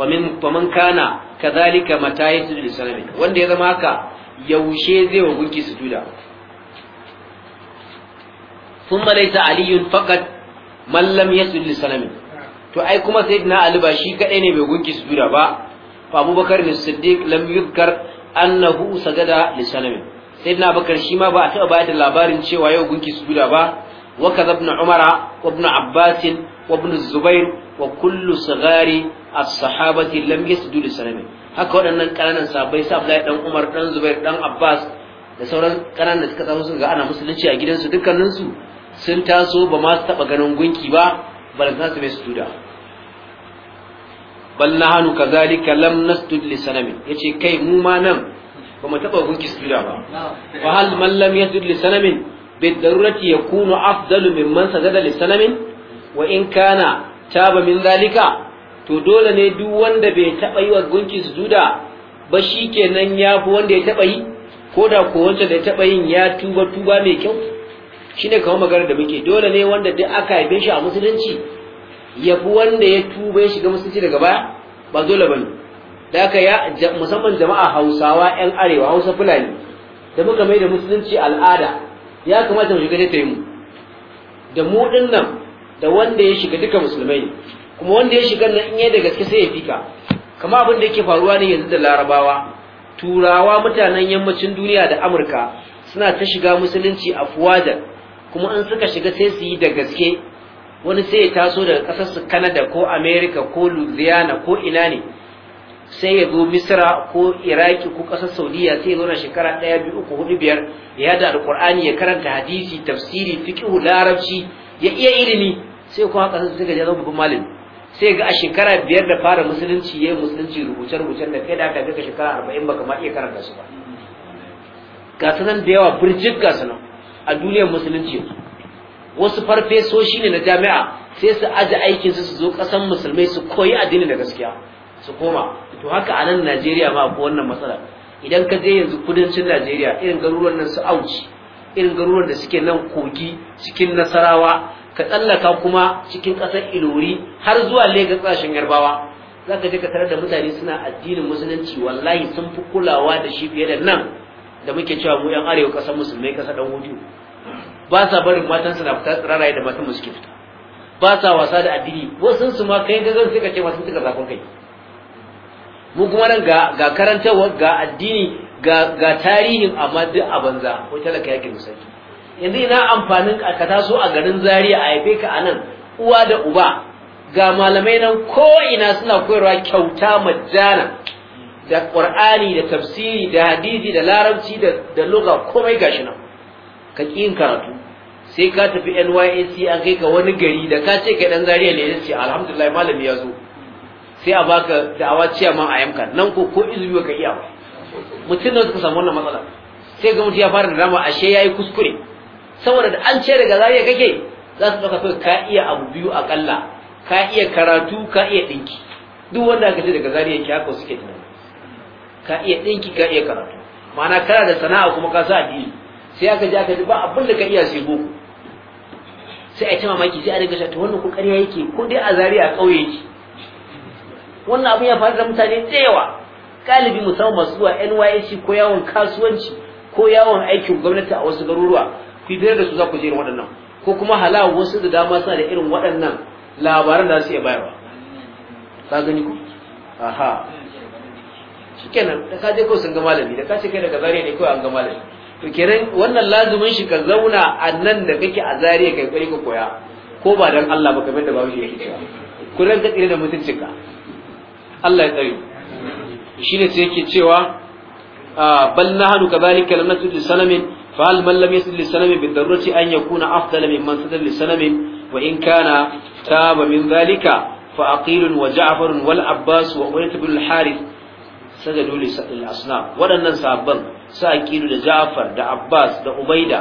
wa min faman kana kadhalika mata yasjudu wanda ya zama haka yaushe zai wa gunki sujuda thumma laysa aliyun faqat man lam yasjud li salamin to ai kuma sayyidina ali ba shi kadai ne bai gunki sujuda ba fa abubakar ne siddiq lam yuzkar annahu sagada li salamin sayyidina abubakar shi ma ba a taba bayar da labarin cewa yau gunki sujuda ba wa kaza ibn umara wa ibn abbas wa ibn zubair wa kullu sigari as-sahabati lam yasjudu li haka waɗannan ƙananan sabai sa Abdullahi dan Umar dan Zubair dan Abbas da sauran ƙananan da suka samu su ga ana musulunci a gidansu dukkaninsu sun taso ba ma su taɓa ganin gunki ba za su mai sujuda bal nahanu kazalika lam nasjud li Ya yace kai mu ma nan ba mu taɓa gunki sujuda ba wa hal man lam yasjud li sanami bi darurati yakunu afdalu mimman sajada li sanami wa in kana taba min zalika to dole ne duk wanda bai taɓa yi wa gunki sujuda ba shi kenan ya fi wanda ya taɓa yi ko da ko wanda ya taɓa yin ya tuba tuba mai kyau shine kamar magana da muke dole ne wanda duk aka haife shi a musulunci ya fi wanda ya tuba ya shiga musulunci daga baya ba dole bane da aka ya musamman jama'a Hausawa Yan arewa Hausa Fulani da muka mai da musulunci al'ada ya kamata mu shiga ta mu da mu din nan da wanda ya shiga duka musulmai ne kuma wanda ya shiga nan in yayi da gaske sai ya fika kamar abin da yake faruwa ne yanzu da Larabawa turawa mutanen yammacin duniya da Amurka suna ta shiga musulunci fuwadar kuma in suka shiga sai su yi da gaske wani sai ya taso daga ƙasar su Canada ko America ko Louisiana ko ina ne sai ya zo Misra ko Iraki ko ƙasar Saudiya sai ya zo na shekara ɗaya biyu uku hudu biyar ya yada Alƙur'ani ya karanta hadisi tafsiri fiqhu larabci ya iya ilimi sai kuma ƙasar suka je zama babban malami sai ga a shekara biyar da fara musulunci ya yi musulunci rubuce-rubucen da kai da aka ga shekara arba'in baka ma iya karanta su ba ga nan da yawa burjik ga sanan a duniyar musulunci wasu farfesoshi ne na jami'a sai su aje aikin su zo kasan musulmai su koyi addini da gaskiya su koma to haka a nan Najeriya ma akwai wannan matsala idan ka je yanzu kudancin Najeriya irin garuruwan nan su auci irin garuruwan da suke nan kogi cikin nasarawa ka tsallaka kuma cikin ƙasar ilori har zuwa Legas ƙasashen yarbawa za ka je ka tarar da mutane suna addinin musulunci wallahi sun fi kulawa da shi fiye da nan da muke cewa mu yan arewa kasar musulmai kasa dan hutu ba sa barin matan su na fita tsiraraye da matan ke fita ba sa wasa da addini wasu su ma kai ga zan suka ce masu tuka zafin kai mu kuma nan ga ga karantarwa ga addini ga ga tarihin amma duk a banza ko talaka yake musaki yanzu ina amfanin ka taso a garin Zaria a haife ka anan uwa da uba ga malamai nan ko ina suna koyarwa kyauta majjana da Ƙur'ani, da tafsiri da hadisi da larabci da da lugha komai gashi nan ka kin karatu sai ka tafi NYAC an kai ka wani gari da ka ce kai dan zariya ne yace alhamdulillah malami ya zo sai a baka da'awa ciya ma a yamka nan ko ko izumi ka iya ba mutum ne suka samu wannan matsala sai ga mutum ya fara da dama ashe yayi kuskure saboda da an ce daga zariya kake za su ɗauka ka iya abu biyu akalla ka iya karatu ka iya ɗinki duk wanda aka ce daga zariya ki haka suke tunani ka iya dinki ka iya karatu ma'ana kana da sana'a kuma ka sa addini sai aka ji aka ji ba abin da ka iya sai boko sai a yi ta mamaki sai a riga shi wannan ko ƙarya yake ko dai a zari a ƙauye yake wannan abin ya faru da mutane da yawa galibi musamman masu zuwa NYSC ko yawon kasuwanci ko yawon aikin gwamnati a wasu garuruwa ku yi da su za ku je irin waɗannan ko kuma halawa wasu da dama suna da irin waɗannan labaran da su iya bayarwa ka gani ku aha shikenan da ka je kawai sun ga malami da ka ce kai daga zariya ne kawai an ga malami to kenan wannan lazumin shi ka zauna a nan da kake a zariya kai kokari ka koya ko ba dan Allah ba kamar da babu shi yake cewa ku ranka tsire da mutuncinka Allah ya tsare shine sai yake cewa ah, bal nahnu kadhalika lam nasjud lisanamin fa hal man lam yasjud lisanamin bi darurati an yakuna afdala mimman sajada lisanamin wa in kana taba min dhalika fa aqil wa ja'far wal abbas wa ubayt bin al harith sajadu lil asnam waɗannan sahabban sa aqilu da Ja'far da Abbas da Ubaida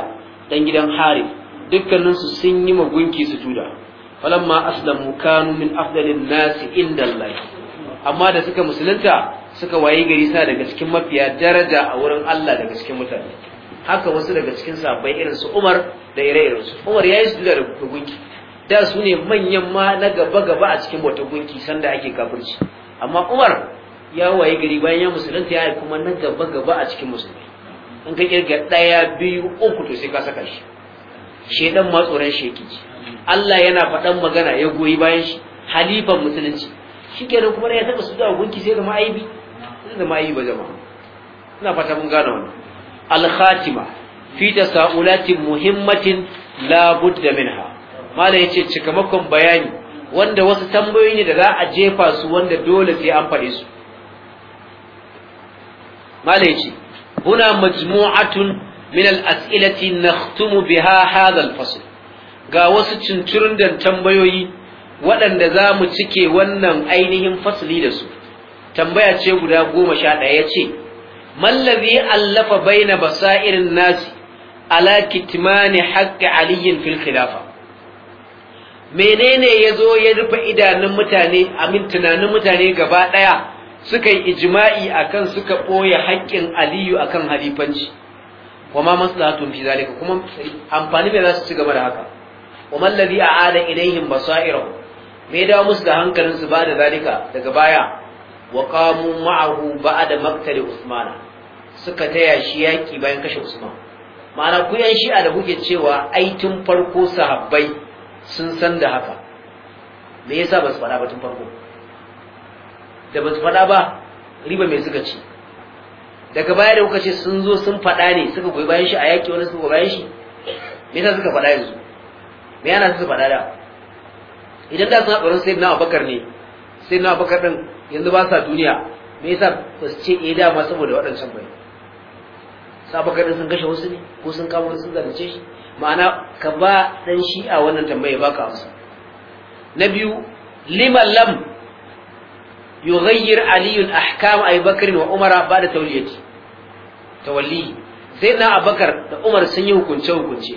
dan gidan Harith dukkaninsu sun yi magunki sujuda falamma aslamu kanu min afdalin nasi inda Allah amma da suka musulunta suka waye gari sa daga cikin mafiya daraja a wurin Allah daga cikin mutane haka wasu daga cikin sahabbai irin su Umar da ire-iren su Umar yayi sujuda da gunki da su ne manyan ma na gaba-gaba a cikin wata gunki sanda ake kafirci amma Umar ya waye gari bayan ya musulunta ya kuma nan gaba gaba a cikin musulmi in ka kirga ɗaya biyu uku to sai ka saka shi dan ma tsoron sheki Allah yana faɗan magana ya goyi bayan shi halifan musulunci shikenan kuma ya taɓa su da gunki sai zama aibi sai zama aibi ba zama ina fata mun gane wannan al-khatima fi tasa'ulatin muhimmatin la budda minha mala yace cikamakon bayani wanda wasu tambayoyi ne da za a jefa su wanda dole sai an faɗe su malai ce huna majmu'atun min al-as'ilati nakhtumu biha hadha al-fasl ga wasu cincirin da tambayoyi waɗanda za mu cike wannan ainihin fasli da su tambaya ce guda goma sha ɗaya ya ce mallazi allafa baina irin nasi ala kitmani haƙƙi aliyin fil khilafa menene ya zo ya rufe idanun mutane amin tunanin mutane gaba ɗaya suka yi ijma'i akan suka boye haƙƙin aliyu akan halifanci wa ma maslahatun fi zalika kuma amfani bai za su ci gaba da haka wa man ladhi a'ada ilaihim basairahu me da musu da hankalin su ba da zalika daga baya wa qamu ma'ahu ba'da maqtali usmana suka taya shi yaki bayan kashe usman ma'ana ku yan shi'a da kuke cewa ai farko sahabbai sun san da haka me yasa ba su faɗa ba tun farko da ba su faɗa ba riba mai suka ci daga baya da kuka ce sun zo sun faɗa ne suka goyi bayan shi a yaƙi wani suka goyi bayan shi me yasa suka faɗa yanzu me yana suka faɗa da idan da suna tsoron sayyidina abubakar ne sayyidina abubakar din yanzu ba sa duniya me yasa ba su ce eh dama saboda waɗancan bai sa abubakar ɗin sun kashe wasu ne ko sun kawo wasu sun zance shi ma'ana ka ba dan a wannan ba baka amsa na biyu liman lam yughayyir aliyun ahkam abubakar wa Umar ba da tawliyati tawalli sai na abubakar da umar sun yi hukunce hukunce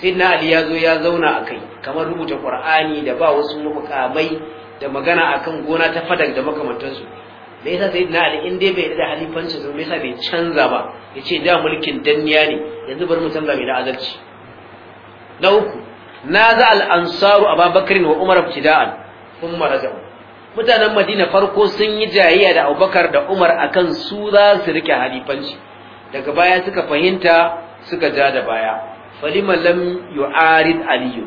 sai na ali ya zo ya zauna a kai kamar rubuta qur'ani da ba wasu mukamai da magana akan gona ta fadak da makamantansu me yasa sai na ali in dai bai da halifanci zo me yasa bai canza ba yace da mulkin danniya ne yanzu bari mu canza mai da azalci na uku al ansaru ababakar wa umar ibtida'an thumma raja'u mutanen madina farko sun yi jayayya da abubakar da umar akan su za su rike halifanci daga baya suka fahimta suka ja da baya falima lam yu'arid aliyu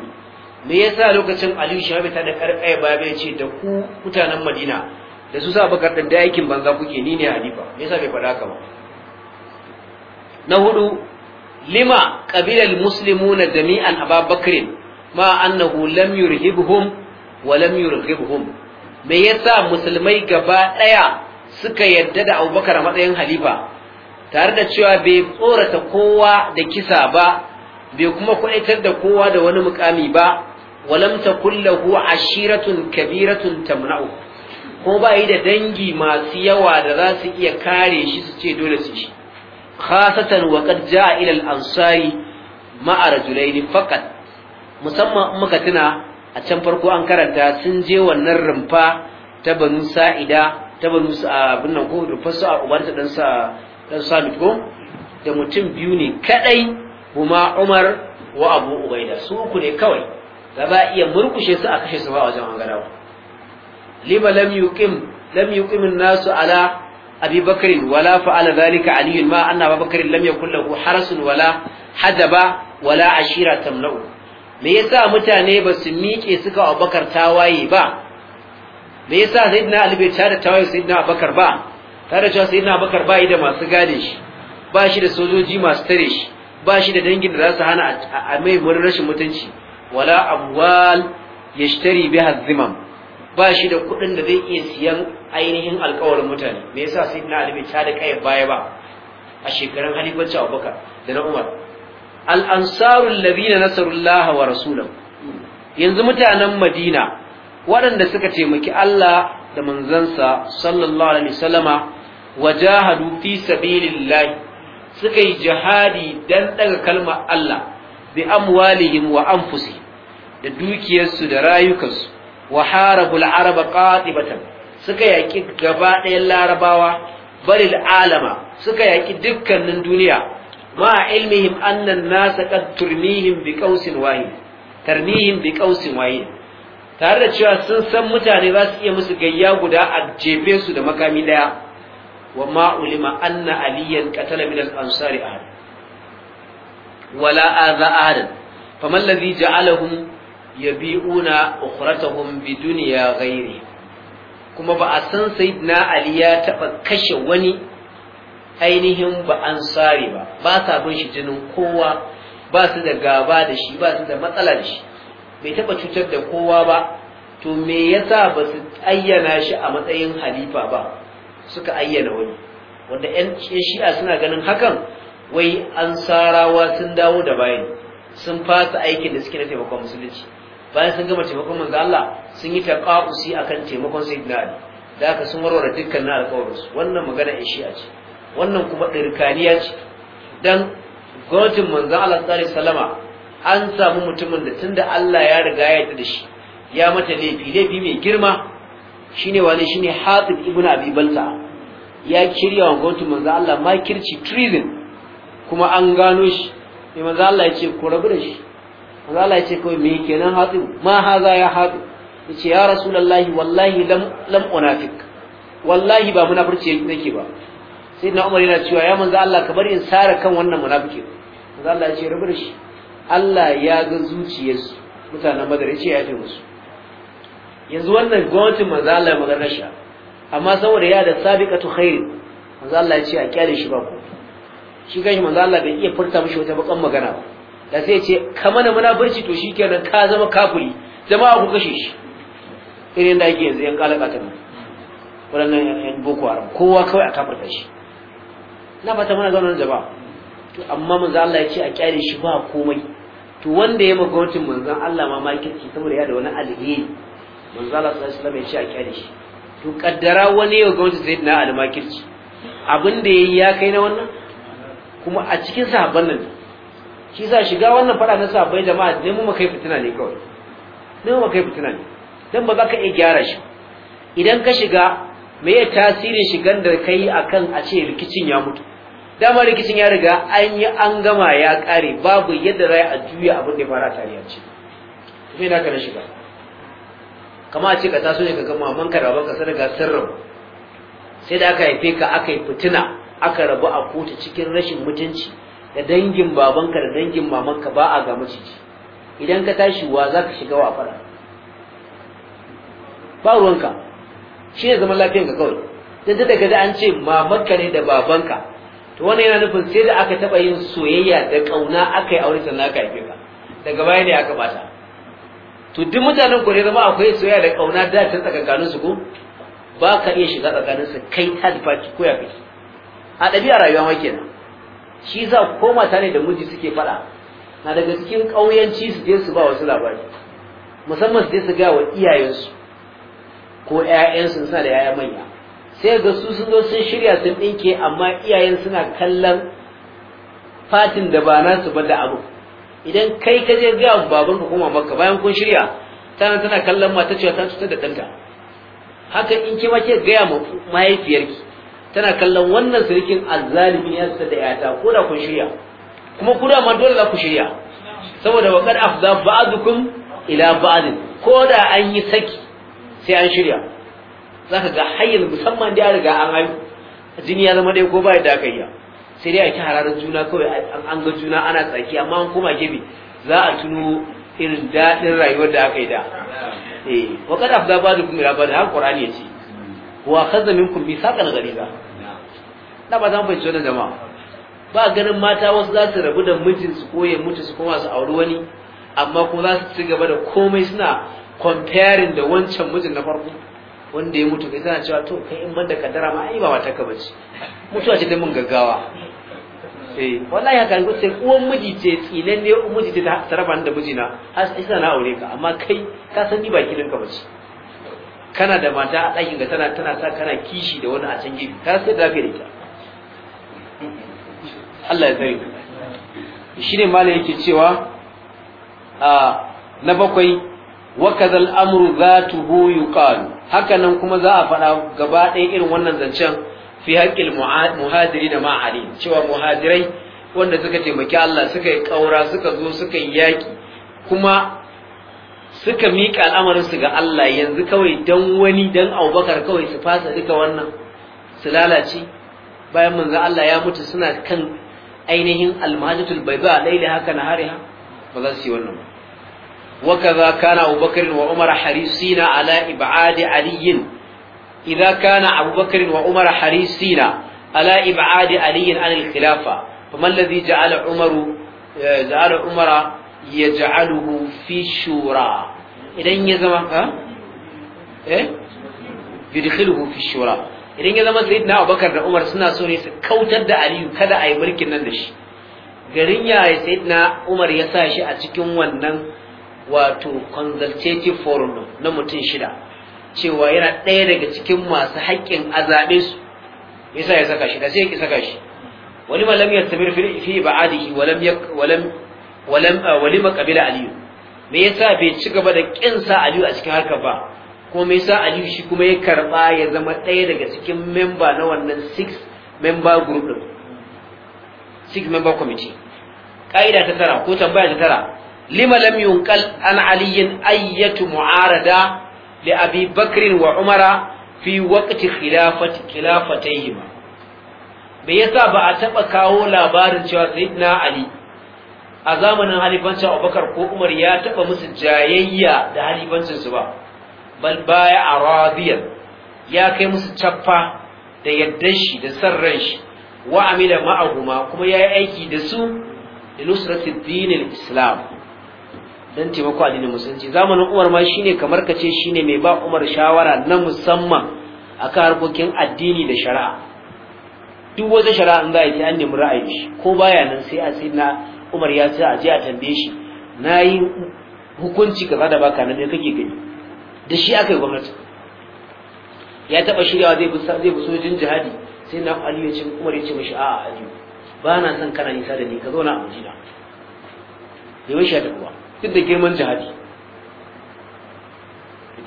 me yasa lokacin aliyu shi ta da karkai baya bai ce da ku mutanen madina da su sa abubakar din da aikin banza kuke ni ne halifa me yasa bai faɗa ka ba na hudu lima qabilal muslimuna jami'an ababakrin ma annahu lam yurhibhum wa lam yurghibhum me yasa musulmai gaba ɗaya suka yarda da abubakar a matsayin halifa tare da cewa bai tsorata kowa da kisa ba bai kuma kwaitar da kowa da wani mukami ba walam ta lahu ashiratun kabiratun tamna'u ko ba yi da dangi masu yawa da za su iya kare shi su ce dole su shi khasatan wa qad ja'a ila al-ansari ma'a rajulaini faqat musamman muka tuna a can farko an karanta sun je wannan rumfa ta banu sa'ida ta banu abin nan ko rumfa su a ubanta dan sa dan samit ko da mutum biyu ne kadai kuma umar wa abu ubaida su uku ne kawai gaba iya murkushe su a kashe su ba wajen hangarawa lima lam yuqim lam yuqim an-nasu ala abi bakr ولا فعل ذلك علي ما أن أبا بكر لم يكن له harasun wala hadaba wala عشيرة me yasa mutane ba su miƙe suka abubakar tawaye ba me yasa sayyidina ali bai tada tawaye sayyidina abubakar ba tada cewa sayyidina abubakar ba da masu gane shi ba shi da sojoji masu tare shi ba shi da dangin da za su hana a mai murin rashin mutunci wala abwal yashtari biha zimam ba shi da kuɗin da zai iya siyan ainihin alƙawarin mutane me yasa sayyidina ali bai tada kai baya ba a shekarun halifancin abubakar da na umar al'ansarun labina nasarullaha wa rasulahu yanzu mutanen madina waɗanda suka taimaki Allah da manzansa sallallahu alaihi wasallama wa jahadu fi sabilillahi suka yi jihadi don ɗaga kalmar Allah bi amwalihim wa anfusi da dukiyarsu da rayukansu wa harabul araba qatibatan suka yaki gaba ɗayan larabawa baril alama suka yaki dukkanin duniya ma ilmihim annan nasa qad turmihim bi qausin wahid tarmihim bi tare da cewa sun san mutane za su iya musu gayya guda a jefe su da makami daya wa ma ulima anna aliyan qatala min al-ansari ahad wala adha ahad faman alladhi ja'alahum yabi'una ukhratahum bidunya ghairi kuma ba a san sayyidina ali ya taba kashe wani ainihin ba an sare ba ba sa bin shi jinin kowa ba su da gaba da shi ba su da matsala da shi bai taba cutar da kowa ba to me yasa ba su ayyana shi a matsayin halifa ba suka ayyana wani wanda yan shi'a suna ganin hakan wai an sarawa sun dawo da bayan sun fasa aikin da suke na taimakon musulunci bayan sun gama taimakon manzo Allah sun yi taqa'usi akan taimakon sayyidina Ali da aka sun warware dukkan na alƙawarinsu wannan magana shi'a ce wannan kuma ɗirkaniya ce dan gwamnatin manzan Allah sallallahu alaihi an samu mutumin da tunda Allah ya riga ya yarda da shi ya mata laifi laifi mai girma shine wane shine Hatib ibn Abi Balta ya kirya wa gwamnatin Allah Allah makirci treason kuma an gano shi sai manzon Allah ya ce ku rabu da shi manzon Allah ya ce kawai me kenan Hatib ma haza ya Hatib yace ya rasulullahi wallahi lam lam unafik wallahi ba munafurci yake ba sai na umar yana cewa ya manzo Allah ka bari in sare kan wannan munafiki manzo Allah ya ce rubu shi Allah ya ga zuciyarsu mutanen madar ce ya ce musu yanzu wannan gwamnatin manzo Allah ya magana shi amma saboda ya da sabiqatu khair manzo Allah ya ce a kyale shi ba ku shi kanshi manzo Allah bai iya furta mishi wata bakan magana ba da sai ya ce ka mana munafurci to shikenan ka zama kafiri jama'a ku kashe shi irin da ake yanzu yan kalaka ta nan waɗannan yan boko haram kowa kawai a kafirta shi na fata muna zaune da ba to amma manzo Allah ya ce a kyare shi ba komai to wanda ya maka gwamnatin manzon Allah ma makirci saboda ya da wani alheri manzo Allah sallallahu alaihi wasallam ya ce a kyare shi to kaddara wani ya gwamnatin sayyidina Ali makirci abin da yayi ya kai na wannan kuma a cikin sahabban nan shi sa shiga wannan fada na sahabbai jama'a dai mu makai fitina ne kawai dai mu makai fitina ne dan ba za ka iya gyara shi idan ka shiga me ya tasirin shigan da kai akan a ce rikicin ya mutu dama rikicin ya riga an yi an gama ya kare babu yadda za a juya abin da ya fara tariya ce to me naka na shiga kama a ce ka taso ne ka gama man ka babanka ka riga sun sirrin sai da aka haife ka aka yi fitina aka rabu a kotu cikin rashin mutunci da dangin babanka da dangin mamanka ba a ga maciji idan ka tashi wa za ka shiga wa fara ba ruwanka shi ne zaman lafiyanka kawai da da an ce mamanka ne da babanka to wannan yana nufin sai da aka taba yin soyayya da ƙauna aka yi aure sannan aka haife ka daga baya ne aka bata to duk mutanen ku zama akwai soyayya da ƙauna da ta tsakankanin su ko ba ka iya shiga tsakanin su kai ta ko ya kai a ɗabi'a rayuwa ma kenan shi za ko mata ne da miji suke faɗa na daga cikin ƙauyenci su je su ba wasu labari musamman su je su ga wa iyayensu ko 'ya'yansu suna da 'ya'ya manya sai ga su sun zo sun shirya sun ɗinke amma iyayen suna kallon fatin da ba nasu ba da abu idan kai ka je ga baban ka koma maka bayan kun shirya tana tana kallon mata cewa ta cutar da kanta. haka in ke ma ke gaya ma mahaifiyarki tana kallon wannan sirikin azzalimi ya da yata ko da kun shirya kuma ku da ma dole za ku shirya saboda wa kad afza ba'dukum ila ba'd ko da an yi saki sai an shirya za ka ga hayyar musamman da ya riga an hayu jini ya zama ɗaya ko ba da aka yi sai dai a ki hararar juna kawai an ga juna ana tsaki amma an koma gibi za a tuno irin daɗin rayuwar da aka yi da eh wa kada afda ba da kuma rabar da qur'ani yace wa khadha minkum mithaqan ghaliza da ba zan fahimci wannan jama'a ba ganin mata wasu za su rabu da mijinsu ko ya mutu su koma su auri wani amma kuma za su ci gaba da komai suna comparing da wancan mijin na farko wanda ya mutu kai tana cewa to kai in banda kaddara ma ai ba wata ka bace mutuwa ce ta mun gaggawa eh wallahi haka ko sai uwan miji ce tsinan ne uwan miji ce ta sarrafa da mijina har sai na aure ka amma kai ka san ni ba kilin ka bace kana da mata a ɗakin ka tana tana sa kana kishi da wani a can gefe ka sai da ka da ita Allah ya tsare shi ne malai yake cewa a na bakwai wa kadhal amru tu yuqalu haka nan kuma za a faɗa gaba ɗaya irin wannan zancen fi haƙƙil muhajiri da ma'ali cewa muhadirai, wanda suka taimaki Allah suka yi ƙaura suka zo suka yi yaƙi kuma suka miƙa al'amarinsu ga Allah yanzu kawai don wani don abubakar kawai su fasa duka wannan su lalace bayan manzo Allah ya mutu suna kan ainihin almajatul bai ba laila haka na hariha ba za su yi wannan ba وكذا كان أبو بكر وعمر حريصين على إبعاد علي إذا كان أبو بكر وعمر حريصين على إبعاد علي عن الخلافة فما الذي جعل عمر جعل عمر يجعله في شورى إذن يزمع ها؟ إيه؟ يدخله في الشورى idan ya zama sayyidina Abubakar da Umar suna so ne su kautar da Aliyu kada a yi mulkin nan da shi garin yaya sayyidina Umar ya sa shi a cikin wannan wato consultative forum na mutum shida cewa yana ɗaya daga cikin masu haƙƙin a zaɓe su yasa ya saka shi da sai ya saka shi wani malam ya tabir fi ba'adihi walam walam walam walima qabila aliyu me yasa bai ci gaba da kin sa aliyu a cikin harkar ba kuma me yasa aliyu shi kuma ya karba ya zama ɗaya daga cikin member na wannan six member group din six member committee ka'ida ta tara ko tambaya ta tara lima lam yunqal an aliyin ayyatu mu'arada li abi bakr wa umara fi waqti khilafati khilafatayhima me yasa ba a taɓa kawo labarin cewa sayyidina ali a zamanin halifancin abubakar ko umar ya taɓa musu jayayya da halifancinsu ba bal baya a radiyar ya kai musu cappa da yadda shi da san shi wa amila ma'ahuma kuma ya yi aiki da su da nusratul dinil islam dan taimako addinin musulunci zamanin umar ma shine kamar ka ce shine mai ba umar shawara na musamman akan harkokin addini da shari'a duk wata shari'a in za a yi an nemi ra'ayi shi ko baya nan sai a sai na umar ya sai a je a tambaye shi na yi hukunci kaza da baka nan ne kake gani da shi aka yi gwamnati ya taɓa shiryawa zai bi zai bi sojin jihadi sai na Ali ya ce umar ya ce mishi a'a Ali ba na son kana nisa da ni ka zauna a madina bai shi ya kuwa ba duk da girman jihadi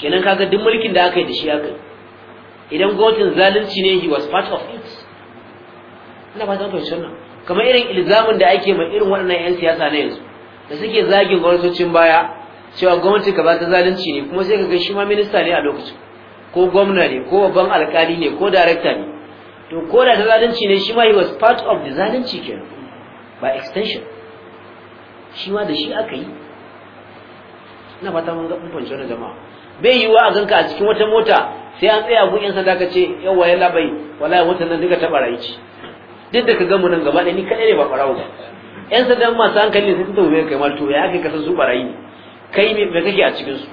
kenan kaga duk mulkin da aka yi da shi aka idan gwamnatin zalunci ne he was part of it ina ba ta fahimci wannan kamar irin ilzamin da ake ma irin waɗannan 'yan siyasa na yanzu da suke zagin gwamnatocin baya cewa gwamnati ka ba ta zalunci ne kuma sai ka ga shi ma minista ne a lokacin ko gwamna ne ko babban alkali ne ko darekta ne to ko da ta zalunci ne shi ma he was part of the zalunci kenan by extension shi ma da shi aka yi ina fata mun ga mun na jama'a bai wa a ganka a cikin wata mota sai an tsaya gun yan sanda ka ce yawa ya labai wallahi wata nan duka taɓa barayi ce duk da ka ga mu nan gaba ɗaya ni kaɗai ne ba barawo ba yan sanda masu hankali sai sun tambaye kai mal to ya kai kasan su barayi ne kai me kake a cikin su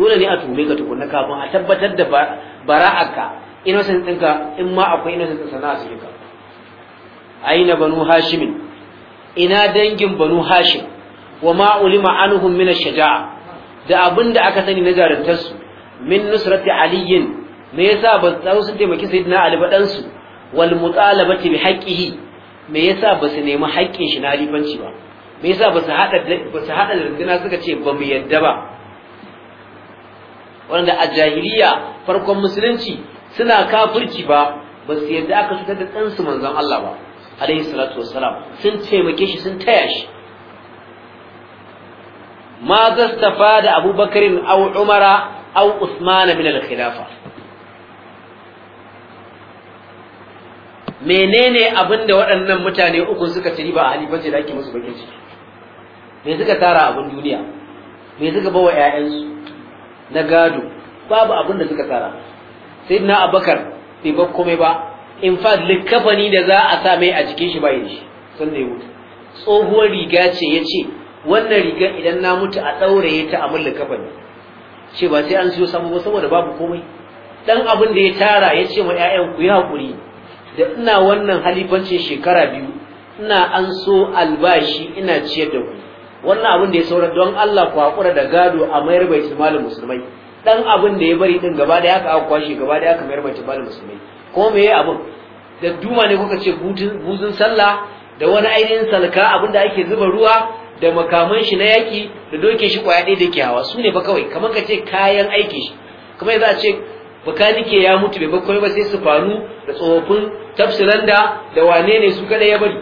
dole ne a tume ka tukunna kafin a tabbatar da bara'aka innocent ɗinka in ma akwai innocent ɗin sana'a su ka aina banu hashimin ina dangin banu hashim wa ma ulima anhum min da abin da abinda aka sani na jarumtar su min nusrati aliyin me yasa ba tsaro sun taimaki sayyidina ali ba dan su wal mutalabati bi haqqihi me yasa ba su nemi haƙƙin shi na alifanci ba me yasa ba su hada ba su hada suka ce ba mu yadda ba wanda a jahiliya farkon musulunci suna kafirci ba ba su yadda aka fitar da ɗansu manzon Allah ba alaihi salatu wassalam sun taimake shi sun taya shi ma zastafa da abubakarin au umara au usmana min al-khilafa menene abin da waɗannan mutane uku suka ci riba a halifanci da ake musu bakin ciki me suka tara abin duniya me suka bawa ƴaƴansu na gado babu abin da suka tara sayyidina abubakar bai ba komai ba in fact likafani da za a sa mai a jikin shi bai da shi sun da ya wuce tsohuwar riga ce ya ce wannan rigar idan na mutu a ɗauraye ta a mulli kafa ne ce ba sai an siyo samu ba saboda babu komai dan abin da ya tara ya ce ma 'ya'yan ku yi hakuri, da ina wannan halifancin shekara biyu ina an so albashi ina ciyar da ku wannan abin da ya saura don Allah ku haƙura da gado a mayar bai malam musulmai dan abin da ya bari din gaba da ya aka kwashe gaba da ya aka mayar bai malam musulmai ko me ya abin da duma ne kuka ce buzun sallah da wani ainihin salka abin da ake zuba ruwa da makaman shi na yaki da doke shi kwaya ɗaya da ke hawa su ne ba kawai kamar ka ce kayan aikin shi kuma ya za a ce bakanike ya mutu bai bakwai ba sai su fanu da tsofaffin tafsiran da da wane ne su kada ya bari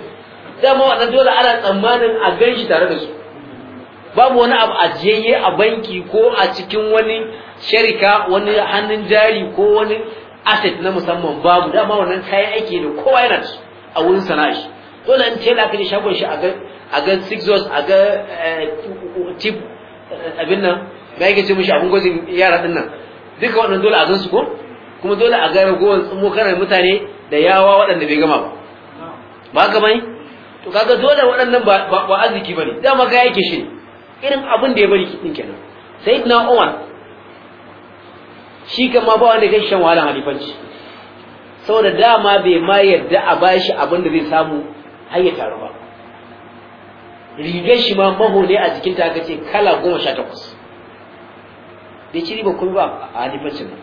dama wannan dole ana tsammanin a gan shi tare da su babu wani abu a jeye a banki ko a cikin wani sharika wani hannun jari ko wani asset na musamman babu dama wannan kayan aiki ne kowa yana da su a wurin sana'a shi dole in tela ka shagon shi a gan a ga six zones a ga eh, tip eh, abin nan ga yake ce mushi abin gwajin yara din nan duka waɗannan dole a gansu ko kuma dole a ga ragowar kana mutane da yawa waɗanda bai gama ba ba ka bane to kaga dole waɗannan ba ba arziki bane dama ga yake shi irin abin da ya bari kin kenan sayyidina umar shi kan ba wanda kai shan wahalan halifanci saboda dama bai ma yarda a bashi abin da zai samu har ya ba rigar shi ma maho ne a jikin ta ce kala goma sha takwas bai kuma ba a halifancin ba.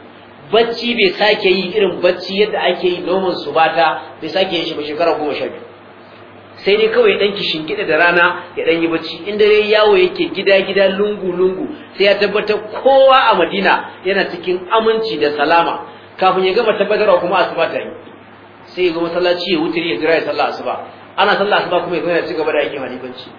bacci bai sake yi irin bacci yadda ake yi noman su bata bai sake yi shi ba shekara goma sai dai kawai dan kishin gida da rana ya dan yi bacci in dare yawo yake gida gida lungu lungu sai ya tabbatar kowa a Madina yana cikin aminci da salama kafin ya gama tabbatarwa kuma asuba ta yi sai ya ga masallaci ya wuturi ya jira ya sallah asuba ana sallah asuba kuma ya yana ci gaba da yakin halifanci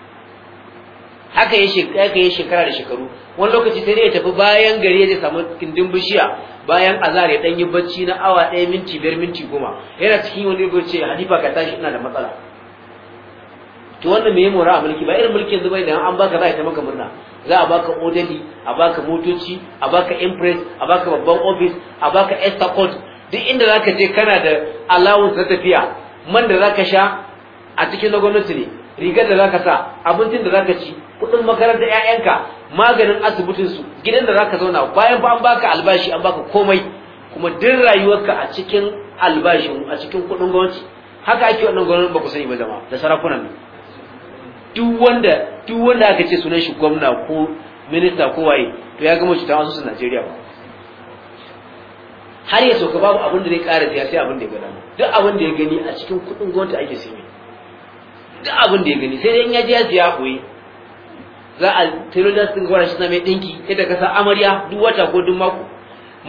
haka ya haka ya shekara da shekaru wani lokaci sai dai ya tafi bayan gari ya samu kindin bishiya bayan azar ya dan yi bacci na awa ɗaya minti biyar minti goma yana cikin wani ya ce halifa ka tashi ina da matsala to wannan meye mora a mulki ba irin mulkin zubai da an baka za ta maka murna za a baka odali a baka motoci a baka impress a baka babban office a baka estakot. duk inda zaka je kana da allowance na tafiya man da zaka sha a cikin na gwamnati ne rigar da zaka sa abincin da zaka ci kudin makarantar ƴaƴanka maganin asibitin su gidan da zaka zauna bayan ba an baka albashi an baka komai kuma duk rayuwarka a cikin albashin a cikin kudin gwamnati haka ake wannan gwamnati ba ku sani ba jama'a da sarakunan nan duk wanda duk wanda aka ce sunan shi gwamna ko minista ko waye to ya gama cutar asusun Najeriya ba har ya sauka babu abin da zai ƙara siya sai abin da ya gani duk abin da ya gani a cikin kuɗin gwamnati ake siya duk abin da ya gani sai dai in ya je ya koyi za a da sun gwara shi mai dinki yadda ka san amarya duk wata ko duk mako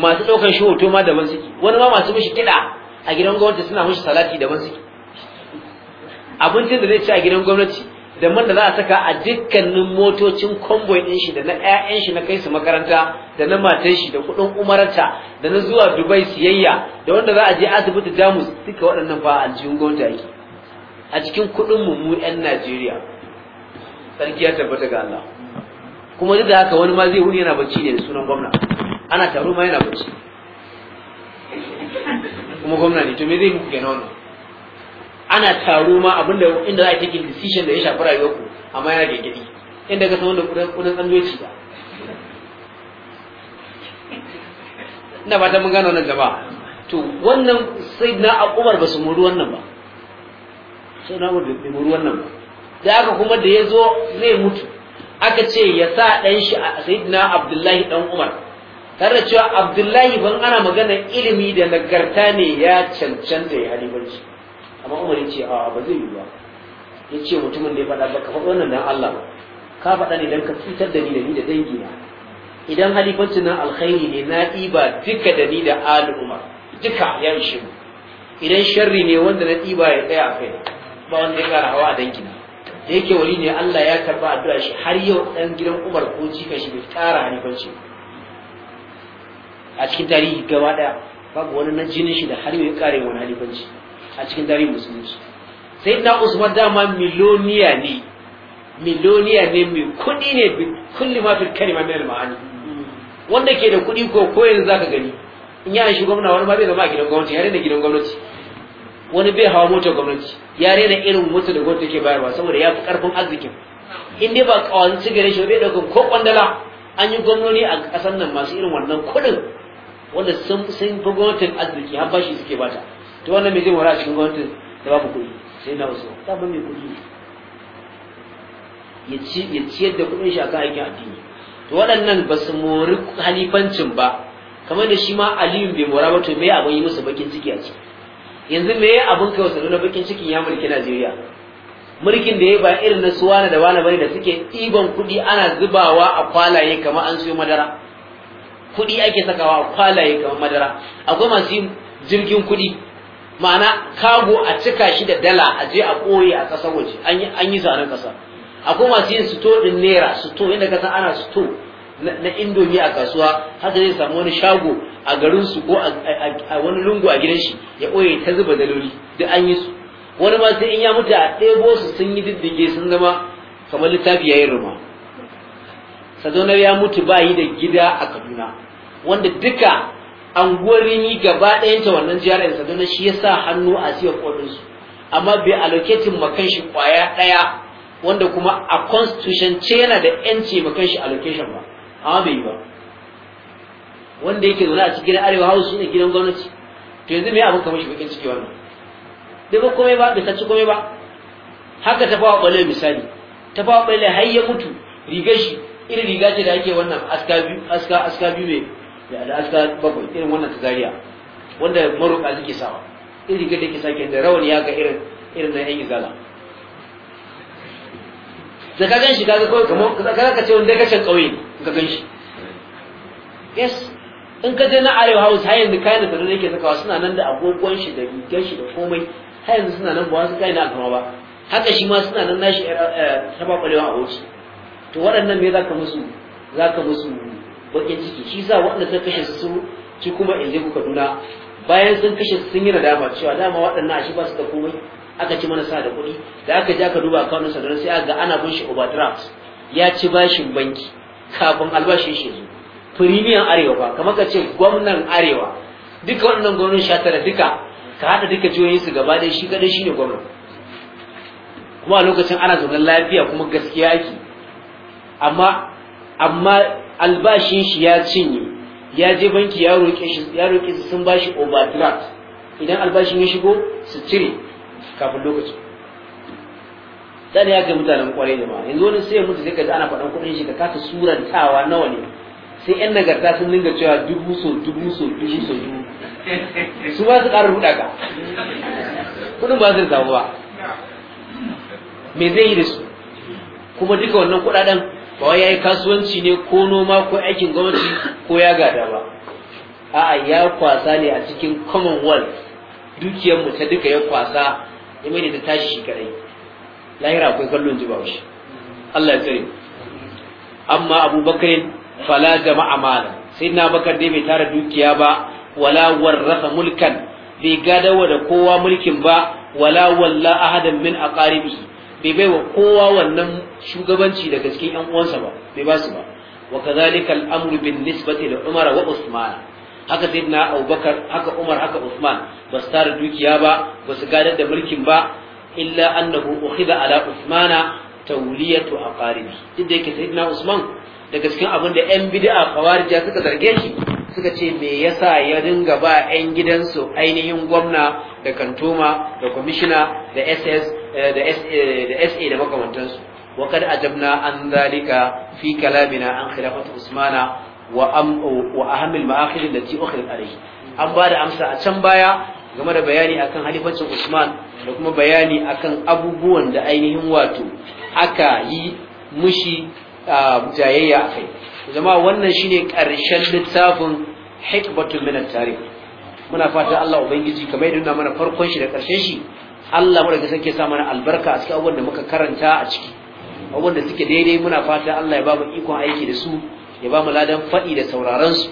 masu ɗaukar shi hoto ma daban suke wani ma masu mishi kiɗa a gidan gwamnati suna mishi salati daban suke abincin da zai ci a gidan gwamnati da man da za a saka a dukkanin motocin konvoy ɗin shi da na ƴaƴan shi na kai su makaranta da na matan shi da kuɗin umaranta da na zuwa Dubai siyayya da wanda za a je asibiti Jamus duka waɗannan a aljihun gwamnati ake a cikin kuɗin mu mu yan Najeriya sarki ya tabbata ga Allah kuma duk da haka wani ma zai wuni yana bacci ne da sunan gwamna ana taro ma yana bacci kuma gwamna ne to me zai muku kenan wannan ana taro ma abinda inda za a take decision da ya shafi rayuwar ku amma yana gegedi inda ka san wanda kudin tsandoci ba ina ba ta mun gano nan gaba to wannan sai na akubar ba su muru wannan ba sai na umar bai ruwan wannan ba da aka kuma da ya zo zai mutu aka ce ya sa ɗan shi a sayidina abdullahi ɗan umar tare cewa abdullahi ban ana magana ilimi da nagarta ne ya cancanta ya halibarci amma umar ya ce a ba zai yi ba ya ce mutumin da ya faɗa ba ka faɗi wannan dan Allah ba ka faɗa ne don ka fitar da ni da ni da dangina idan halifanci nan alkhairi ne na ɗiba duka da ni da ali umar duka ya ishe mu idan sharri ne wanda na ɗiba ya tsaya a kai ba wanda ya kara hawa a dangina da yake wali ne Allah ya karba addu'a shi har yau dan gidan Umar ko jika shi bai kara hanifanci a cikin tarihi gaba daya babu wani na jinin shi da har yau ya kare wani hanifanci a cikin tarihi musulunci sai da Usman dama miloniya ne miloniya ne mai kuɗi ne kulli ma fil kalima min al ma'ani wanda ke da kuɗi ko koyin zaka gani in yana shi gwamna wani ma bai zama a gidan gwamnati har da gidan gwamnati wani bai hawa mota gwamnati ya rena irin mota da gwamnati ke bayarwa saboda ya fi karfin arzikin in dai ba ci cigare shi bai daukan ko kwandala an yi gwamnoni a kasar nan masu irin wannan kuɗin wanda sun sun fi gwamnatin arziki har bashi suke bata to wannan me zai wara a cikin gwamnatin da babu kuɗi sai na wasu ta ba mai kuɗi ya ciyar da kuɗin shi a kan aikin addini to waɗannan ba su mori halifancin ba kamar da shi ma Aliyu bai mora ba to me abin yi musu bakin ciki a ciki yanzu me abin kai wasu na bakin cikin ya mulki Najeriya mulkin da ya ba irin na suwana da wani bane da suke ɗiban kuɗi ana zubawa a kwalaye kamar an siyo madara kuɗi ake sakawa a kwalaye kamar madara akwai masu jirgin kuɗi ma'ana kago a cika shi da dala a je a ɓoye a ƙasar waje an yi zanen ƙasa akwai masu yin sito ɗin naira sito inda kasa ana sito na indomi a kasuwa haka zai samu wani shago a garin su ko a wani lungu a gidan shi ya ɓoye ta zuba daloli duk an yi su wani ma sai in ya mutu a ɗebo su sun yi diddige sun zama kamar littafi ya yi ruma sadonar ya mutu ba yi da gida a kaduna wanda duka anguwar ni gaba ɗayanta wannan jihar sadonar shi ya sa hannu a siya su amma bai allocating makan shi kwaya ɗaya wanda kuma a constitution ce yana da yanci makan shi allocation ba amma bai yi ba wanda yake zaune a cikin arewa hausa shine gidan gwamnati to yanzu me abin kamar shi bakin ciki wannan bai ba komai ba bai tace komai ba haka ta fawa kwale misali ta fawa kwale har ya mutu rigar shi irin riga ce da ake wannan aska biyu aska aska biyu ne da aska bakwai irin wannan ta zariya wanda maroka suke sawa irin rigar da ke sake da rawani ya ga irin irin na yan izala da ka gan shi kaga kawai kamar ka ce wanda kacin ƙauye ka gan shi yes in ka je na arewa house har yanzu kayan da tare yake sakawa suna nan da agogon shi da rigar shi da komai har yanzu suna nan ba wasu kayan da kama ba haka shi ma suna nan nashi eh, eh, taba kwalewa a wuce to waɗannan me zaka musu zaka musu bakin ciki shi sa waɗanda suka kashe su kuma in je ku Kaduna bayan sun kashe sun yi nadama cewa dama waɗannan ashe ba su da komai aka ci mana sa da kuɗi da aka ja ka duba akawunin sa sai aka ga ana bin shi overdraft ya ci bashin banki kafin albashin shi zo firimiyan arewa ba kamar ka ce gwamnan arewa duka wannan gwamnan sha tara duka ka haɗa duka jihohin su gaba ɗaya shi kaɗai shine gwamnan kuma a lokacin ana zaune lafiya kuma gaskiya ki, amma amma albashin shi ya cinye ya je banki ya roƙe shi ya roƙe su sun bashi overdraft idan albashin ya shigo su cire kafin lokacin dan ya ga mutanen kwarai da ma yanzu wani sai mutu sai ka ana faɗan kuɗin shi ka kasa surantawa nawa ne sai yan nagarta sun dinga cewa dubu so dubu so dubu so dubu su ba su ƙara ruɗa ka kuɗin ba su samu ba me zai yi da su kuma duka wannan kuɗaɗen ba wai yayi kasuwanci ne ko noma ko aikin gwamnati ko ya gada ba a'a ya kwasa ne a cikin commonwealth dukiyar ta duka ya kwasa ya mai ta tashi shi kadai lahira akwai kallon ji ba shi Allah ya tsare amma Abubakar fala jama'a mala sai na bakar dai bai tara dukiya ba wala warrasa mulkan bai gadawa da kowa mulkin ba wala walla ahadan min aqaribi bai baiwa kowa wannan shugabanci daga cikin yan uwansa ba bai ba su ba wa kadhalika al-amru bin nisbati li umar wa usman haka sayyidina abubakar haka umar haka usman ba su tara dukiya ba ba su gadar da mulkin ba illa annahu ukhidha ala usmana tawliyatu aqaribi duk da yake sayyidina usman daga cikin abin da yan bid'a kawarija suka zarge shi suka ce me yasa ya dinga ba yan gidansu ainihin gwamna da kantoma da kwamishina da ss eh, da sa eh, da makamantansu wa kad ajabna an zalika fi kalamina an khilafatu usmana wa am wa al ma'akhir allati ukhrid alayhi an ba da amsa a can baya game da bayani akan halifancin Usman da kuma bayani akan abubuwan da ainihin wato aka yi mushi jayayya a kai zama wannan shine ƙarshen littafin hikmatu min tarikh muna fata Allah ubangiji kamar yadda mana farkon shi da ƙarshen shi Allah mu daga sake sa mana albarka a cikin abubuwan da muka karanta a ciki abubuwan da suke daidai muna fata Allah ya ba mu ikon aiki da su ya ba mu ladan faɗi da sauraron su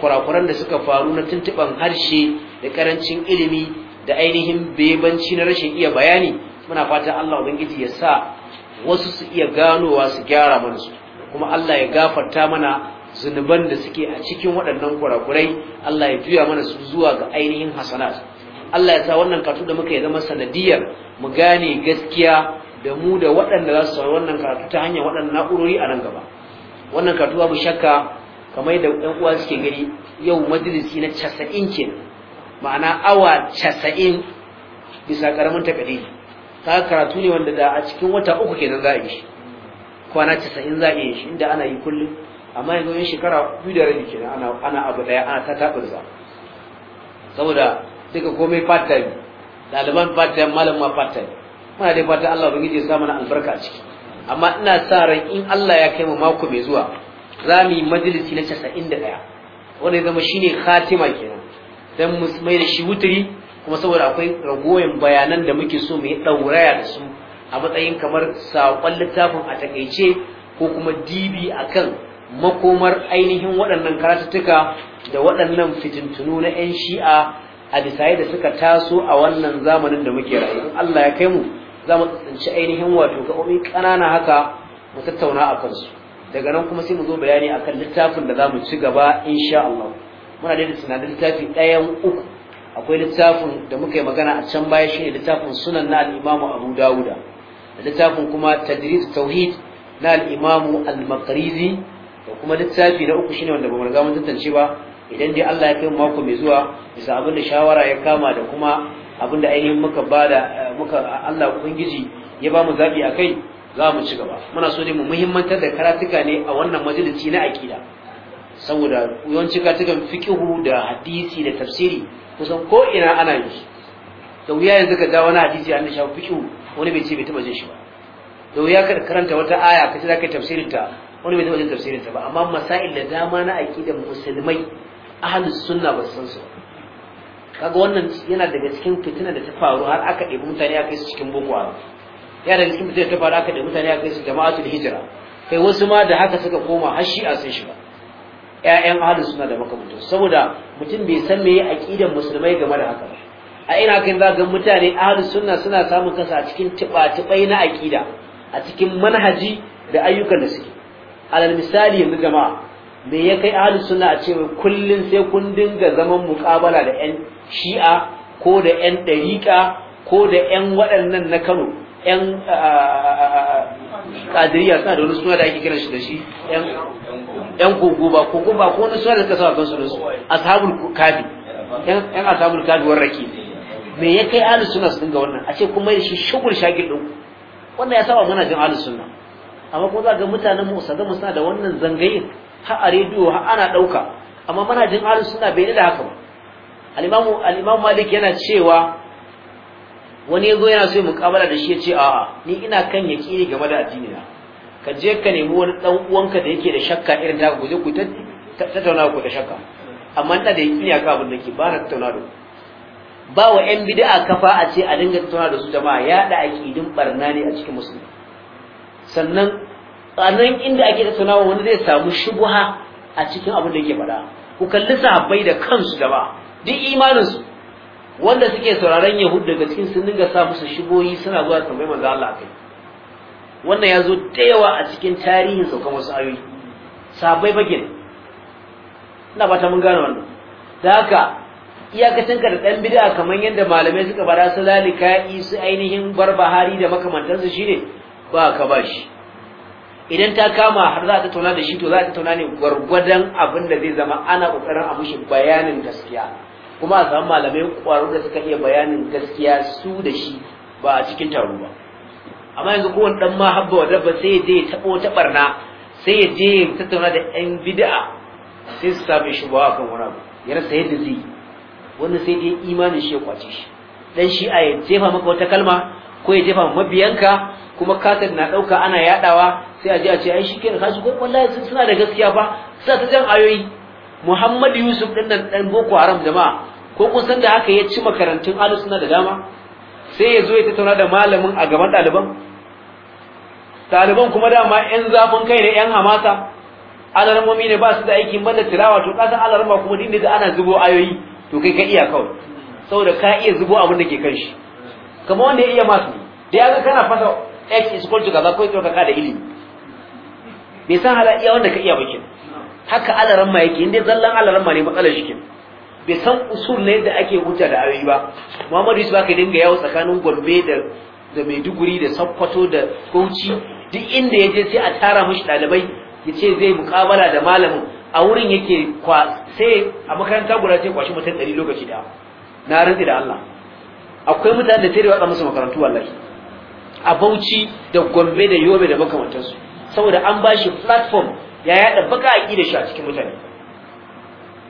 kurakuran da suka faru na tuntuban harshe da karancin ilimi da ainihin bebanci na rashin iya bayani muna fata Allah ubangiji ya sa wasu su iya ganowa su gyara mana su kuma Allah ya gafarta mana zunuban da suke a cikin waɗannan kurakurai Allah ya juya mana su zuwa ga ainihin hasanat Allah ya sa wannan karatu da muka yi zama sanadiyar mu gane gaskiya da mu da waɗanda za su sauri wannan karatu ta hanyar waɗannan na'urori a nan gaba wannan karatu babu shakka kamar da ɗan uwa suke gani yau majalisi na casa'in ke ma'ana awa casa'in bisa ƙaramin takadiri ka karatu ne wanda da a cikin wata uku kenan za a yi shi kwana casa'in za a yi shi inda ana yi kullum amma yanzu yin shekara biyu da rabi kenan ana ana abu daya ana ta taɓurza saboda duka komai part time ɗaliban part time malam ma part time muna dai fatan Allah ubangiji ya sa mana albarka a ciki amma ina sa ran in Allah ya kai mu mako mai zuwa za mu yi majalisi na casa'in da ɗaya wanda ya zama shine khatima kenan dan mu mai da shi wuturi kuma saboda akwai ragoyin bayanan da muke so mu yi dauraya da su a matsayin kamar saƙon littafin a takaice ko kuma dibi akan makomar ainihin waɗannan karatuttuka da waɗannan fitintunu na 'yan shi'a a bisaye da suka taso a wannan zamanin da muke rayu Allah ya kai mu za mu tsinci ainihin wato gaɓoɓi ƙanana haka mu tattauna a kansu daga nan kuma sai mu zo bayani akan littafin da za mu ci gaba insha Allah muna da tunanin littafi ɗayan uku akwai littafin da muka yi magana a can baya shine littafin sunan na al-imamu abu dawuda da littafin kuma tadris tauhid na al'imamu imamu al-maqrizi da kuma littafi na uku shine wanda ba mu riga mun tantance ba idan dai Allah ya kai mako mai zuwa bisa abin da shawara ya kama da kuma abin da ainihin muka bada eh, muka Allah ubangiji ya ba mu zabi akai za mu ci gaba muna so dai mu muhimmantar da karatuka ne a wannan majalisi na aqida saboda yawanci katukan fikihu da hadisi da tafsiri kusan ko ina ana yi da wuya yanzu ka ga wani hadisi an shafi fikihu wani bai ce bai taba jin shi ba da wuya ka karanta wata aya ka ce za ka yi tafsirin ta wani bai taba jin tafsirin ta ba amma masail da dama na aqidar musulmai ahli sunna ba san su kaga wannan yana daga cikin fitina da ta faru har aka ɗebi mutane aka yi su cikin boko haram yana daga cikin fitina da ta faru aka ɗebi mutane aka yi su jama'atul hijira kai wasu ma da haka suka koma har shi'a sun shiga ƴaƴan ahlus sunna da makamantu saboda mutum bai san meye aƙidan musulmai game da haka ba a ina kan za ga mutane ahlus sunna suna samun kasa a cikin tiba na aqida a cikin manhaji da ayyukan da suke alal misali yanzu jama'a me ya kai ahlus sunna a cewa kullun sai kun dinga zaman muqabala da ƴan shi'a ko da ƴan ɗariƙa ko da ƴan waɗannan na Kano yan kadiriya suna da wani suna da ake kiran shi da shi yan kogo ba kogo ba ko wani suna da kasawa a kansu da su ashabul kadi yan ashabul kafi warraki me ya kai ahlus sunna su dinga wannan a ce kuma shi shugul shagil din wannan ya saba muna jin ahlus sunna amma ko za ga mutanen mu sa mu suna da wannan zangayin ha a rediyo ha ana dauka amma muna jin ahlus sunna bai da haka ba al-imamu al-imamu malik yana cewa wani yazo yana so muƙabala da shi ya ce a'a ni ina kan yaƙini game da addini na ka je ka nemi wani dan uwanka da yake da shakka irin ta ku je ku tattauna ku da shakka amma da yaƙini akan abin da ke ba tattauna da ba wa yan bid'a kafa a ce a dinga tattauna da su jama'a ya da aqidin barna ne a cikin musulmi sannan a inda ake tattauna wani zai samu shubuha a cikin abin da yake faɗa ku kalli sahabbai da kansu jama'a duk imaninsu wanda suke sauraron yahud daga cikin sun dinga sa musu shigoyi suna zuwa tambayi manzo Allah akai wannan ya zo da yawa a cikin tarihin sauka wasu ayoyi sabai bagin ina ba ta mun gane wannan da haka ka da ɗan bid'a kamar yadda malamai suka bara su yi su ainihin barbahari da makamantansu shine ba ka ba shi idan ta kama har za a tattauna da shi to za a tattauna ne gwargwadon abin da zai zama ana ƙoƙarin a mushi bayanin gaskiya kuma a samu malamai ƙwararru da suka iya bayanin gaskiya su da shi ba a cikin taro ba amma yanzu kowane dan ma habba wa dabba sai ya je ya taɓo ta barna sai ya je ya tattauna da yan bid'a sai su same shi ba kan wani abu ya rasa yadda zai yi wanda sai dai imanin shi ya kwace shi dan shi a ya jefa maka wata kalma ko ya jefa mabiyanka kuma katin na ɗauka ana yaɗawa sai a je a ce ai shi kenan kashi ko wallahi suna da gaskiya fa suna ta jan ayoyi Muhammad Yusuf din nan dan Boko Haram jama'a ko kun san da haka ya ci makarantun alusuna da dama sai ya zo ya tattauna da malamin a gaban ɗaliban ɗaliban kuma dama yan zafin kai ne yan hamasa alarmomi ne ba su da aikin banda tilawa to kasan alarma kuma din da ana zubo ayoyi to kai ka iya kawai saboda ka iya zubo abin da ke kan shi kamar wanda ya iya masu da ya ga kana fasa x is equal to kaza ko ka ka da ilimi bai san hala iya wanda ka iya ba haka alarma yake inda zallan alarma ne matsalar shi kenan bai san usul ne da ake huta da ayoyi ba Muhammadu Yusuf aka dinga yawo tsakanin Gombe da da Maiduguri da Sokoto da Bauchi duk inda ya je sai a tara mashi ɗalibai. ya ce zai mukabala da malamin a wurin yake kwa sai a makaranta guda sai kwashi mutum ɗari lokaci da na rantsi da Allah akwai mutane da sai da watsa musu makarantu wallahi a Bauchi da Gombe da Yobe da makamantansu saboda an ba shi platform ya yaɗa baka ki da shi a cikin mutane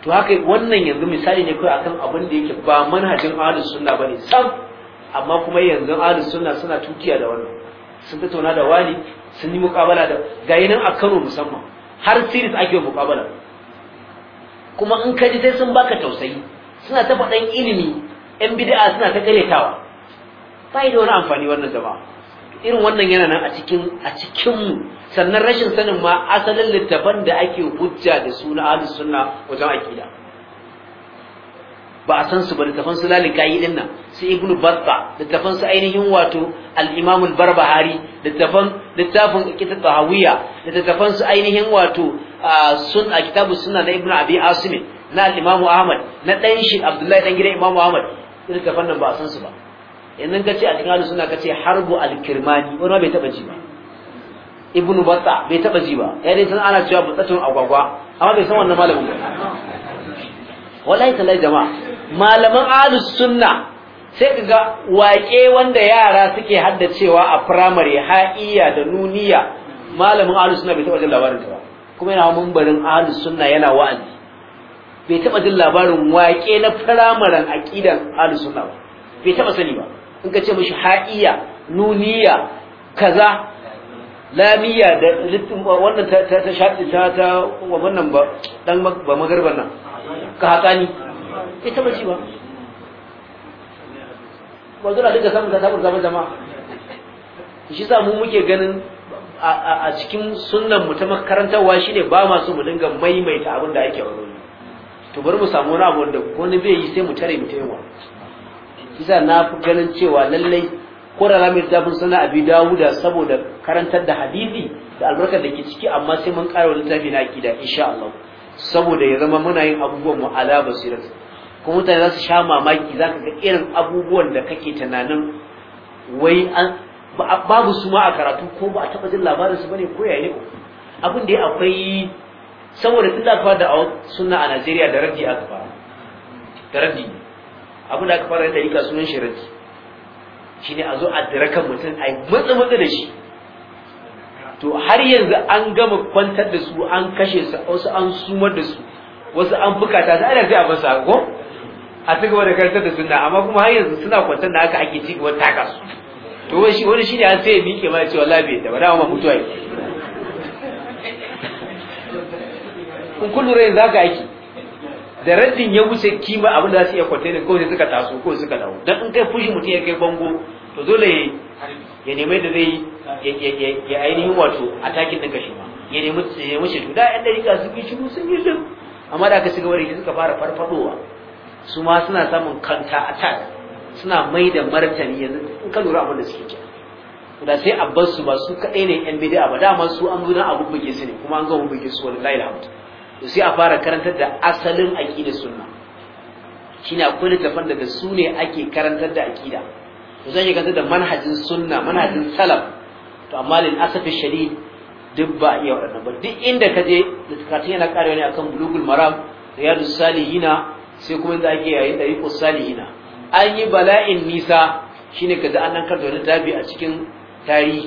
to haka wannan yanzu misali ne kawai akan abin da yake ba manhajin ahlus sunna bane sam amma kuma yanzu ahlus sunna suna tukiya da wannan sun tattauna da wali, sun yi muƙabala da gayi nan a Kano musamman har series ake muqabala kuma in ka ji sai sun baka tausayi suna ta faɗan ilimi yan bid'a suna ta karetawa ba da wani amfani wannan jama'a irin wannan yana nan a cikin a cikin mu sannan rashin sanin ma asalin littafan da ake hujja da su na ahlus sunna wajen aqida ba a san su ba littafan su Kayi din nan su ibnu batta littafan su ainihin wato al-imam al-barbahari littafan littafin kitab tahawiyya littafan su ainihin wato sun a kitabu sunna na ibnu abi asim na al-imam ahmad na dan shi abdullahi dan gidan imam ahmad littafan nan ba a san su ba yanzu ka ce a cikin ahlus sunna ka ce harbu al-kirmani wani bai taba ji ba ibnu batta bai taba ji ba ya dai san ana cewa buttatun agwagwa amma bai san wannan malamin ba wallahi tallahi jama'a malaman ahlus sunna sai ka ga waƙe wanda yara suke haddacewa a firamare ha'iya da nuniya malamin ahlus sunna bai taɓa jin labarin ta ba kuma yana mumbarin ahlus sunna yana wa'azi bai taɓa jin labarin waƙe na firamaren aqidan ahlus sunna ba bai taɓa sani ba in ka ce mishi ha'iya nuniya kaza lamiya da littin wannan ta shaɗi ta ta wannan ba dan ba magarban nan ka ni. ita ba ci ba ba zuwa duka samun ta tabar zama jama'a shi sa mu muke ganin a cikin sunnan mu ta makarantarwa shine ba ma su mu dinga maimaita abin da ake wani to bari mu samu wani abu wanda wani bai yi sai mu tare mu taimaka. shi sa na fi ganin cewa lallai korara mai littafin sana abi dawuda saboda karantar da hadisi da albarkar da ke ciki amma sai mun ƙara littafi na akida insha Allah saboda ya zama muna yin abubuwan mu ala basirat kuma mutane za su sha mamaki za ka ga irin abubuwan da kake tunanin wai an babu su ma a karatu ko ba a taɓa jin labarin su bane ko yaya abin da akwai saboda tun da fara da sunna a Najeriya da raddi aka fara da raddi abin da aka fara da ɗarika sunan shi raddi ne a zo a dirakan mutum a yi matsa matsa da shi to har yanzu an gama kwantar da su an kashe su wasu an sumar da su wasu an bukata su ana sai a basu ko a ci gaba da karantar da sunna amma kuma har yanzu suna kwantar da haka ake ci gaba taka su to wani shi wani an sai ya miƙe ma cewa labe da ba ma mutuwa kun kullu rai zaka aiki da raddin ya wuce kima abin da za su iya kwantaina ko sai suka taso ko suka dawo dan in kai fushi mutum ya kai bango to dole ya nemi da zai ya ainihin wato a takin din kashi ma ya nemi ya wuce to da yan dariƙa su bi sun yi lim amma da aka shiga wani suka fara farfadowa su ma suna samun kanta a tak suna mai da martani yanzu in ka lura abin da suke kira da sai abbas su ba su kaɗai ne yan bid'a ba dama su an zo na su ne kuma an ga abubuwa su wani layi to sai a fara karantar da asalin aqidar sunna shine akwai littafan daga su ne ake karantar da aqida to zan yi karantar da manhajin sunna manhajin salaf to amma lil asafi shadid duk ba iya waɗannan ba duk inda ka je littafin yana karewa ne akan bulugul maram riyadus salihina sai kuma inda ake yayin dariqus salihina an yi bala'in nisa shine kaza an nan karanta wani dabi a cikin tarihi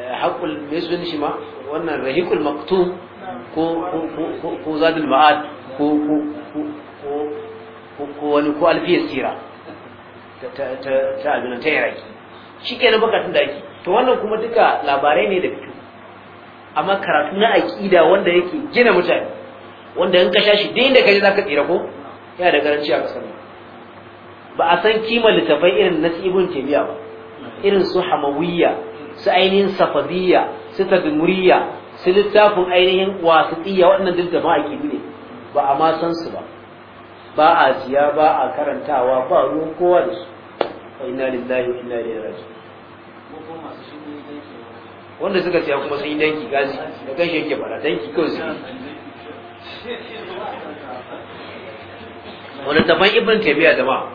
eh, haƙul mai shi ma wannan rahikul maktum ko ko zadul ma'ad ko ko ko wani ko alfiyar sira ta abin ta iraki shi ke na bukatun da ake to wannan kuma duka labarai ne da fito amma karatu na aƙida wanda yake gina mutane wanda in ka sha shi duk inda ka je za ka tsira ko yana da garanci a ƙasar ba a san kimar littafai irin na ibn taymiya ba irin su hamawiyya su ainihin safadiyya su tadmuriyya su littafin ainihin wasiƙiya waɗannan duk da ma'aƙidu ne ba a ma san su ba ba a siya ba a karantawa ba ruwan kowa da su wa inna lillahi wa inna ilaihi su? wanda suka siya kuma sun yi danki gazi da kan shi ba fara danki kawai su wani taban ibn tabiya da ma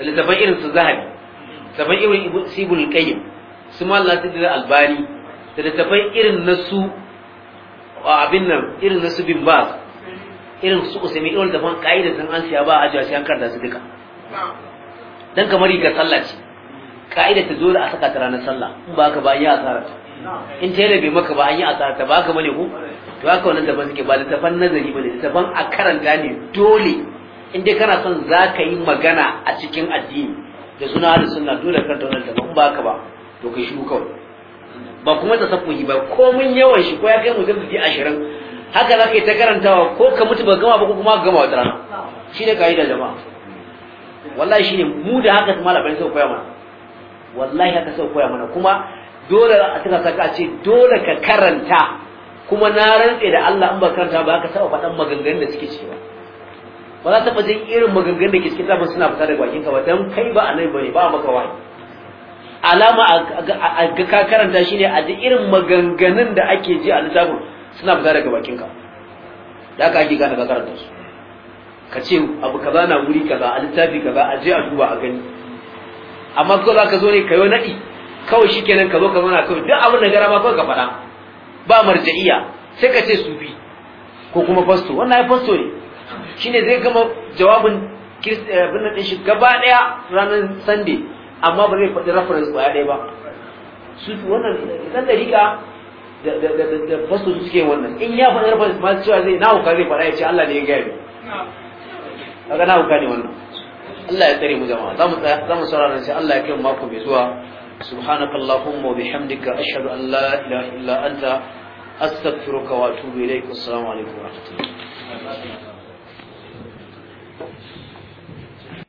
littafan irin su zahabi taban irin sibul qayyim su ma lati da albani da littafai irin na su a abin nan irin na su bin ba irin su usami irin littafan ka'idar sun an siya ba a ajiya sai an karda su duka dan kamar rigar sallah ce ka'idar ta dole a saka ta ranar sallah in ba ka ba an yi asara ta in ta bai maka ba an yi asara ta ba ka bane ko to haka wannan daban suke ba littafan nazari ba littafan a karanta gane dole in dai kana son za ka yi magana a cikin addini da suna da suna dole karanta wannan littafan ba ka ba to ka shi kawai ba kuma yi ba ko mun yawan shi ko ya kai mutum da ashirin haka za ka yi ta karantawa ko ka mutu ba gama ba ko kuma ka gama wata rana shi ne da jama'a wallahi shi ne mu da haka su malamai sau koya mana wallahi haka sau koya mana kuma dole a tuka saka a ce dole ka karanta kuma na rantse da Allah in ba karanta ba haka saba faɗan maganganun da suke cewa ba za ta jin irin maganganun da ke cikin tafin suna fita daga bakin ka ba dan kai ba annabi bane ba maka wani. alama a ga ka karanta shine a da irin maganganun da ake ji a littafin suna fita daga bakinka da aka ake gane ka karanta su ka ce abu kaza na wuri kaza a littafi kaza a je a duba a gani amma ko za ka zo ne ka yi naɗi kawai shi ka zo ka zauna kawai duk abin da gara ma ka faɗa ba marja'iya sai ka ce sufi ko kuma fasto wannan ya fasto ne shine zai gama jawabin eh, abin da shi gaba ɗaya ranar sunday amma ba zai faɗi reference kwaya ɗaya ba su wannan ɗan dariƙa da fasto su suke wannan in ya faɗi reference ma cewa zai na hukar zai faɗa ya ce Allah ne ya gaya ni kaga na hukar ne wannan Allah ya tsare mu jama'a za mu tsaya za mu saurara sai Allah ya kai mu mako mai zuwa سبحانك اللهم وبحمدك أشهد أن لا إله إلا أنت أستغفرك وأتوب إليك والسلام عليكم ورحمة الله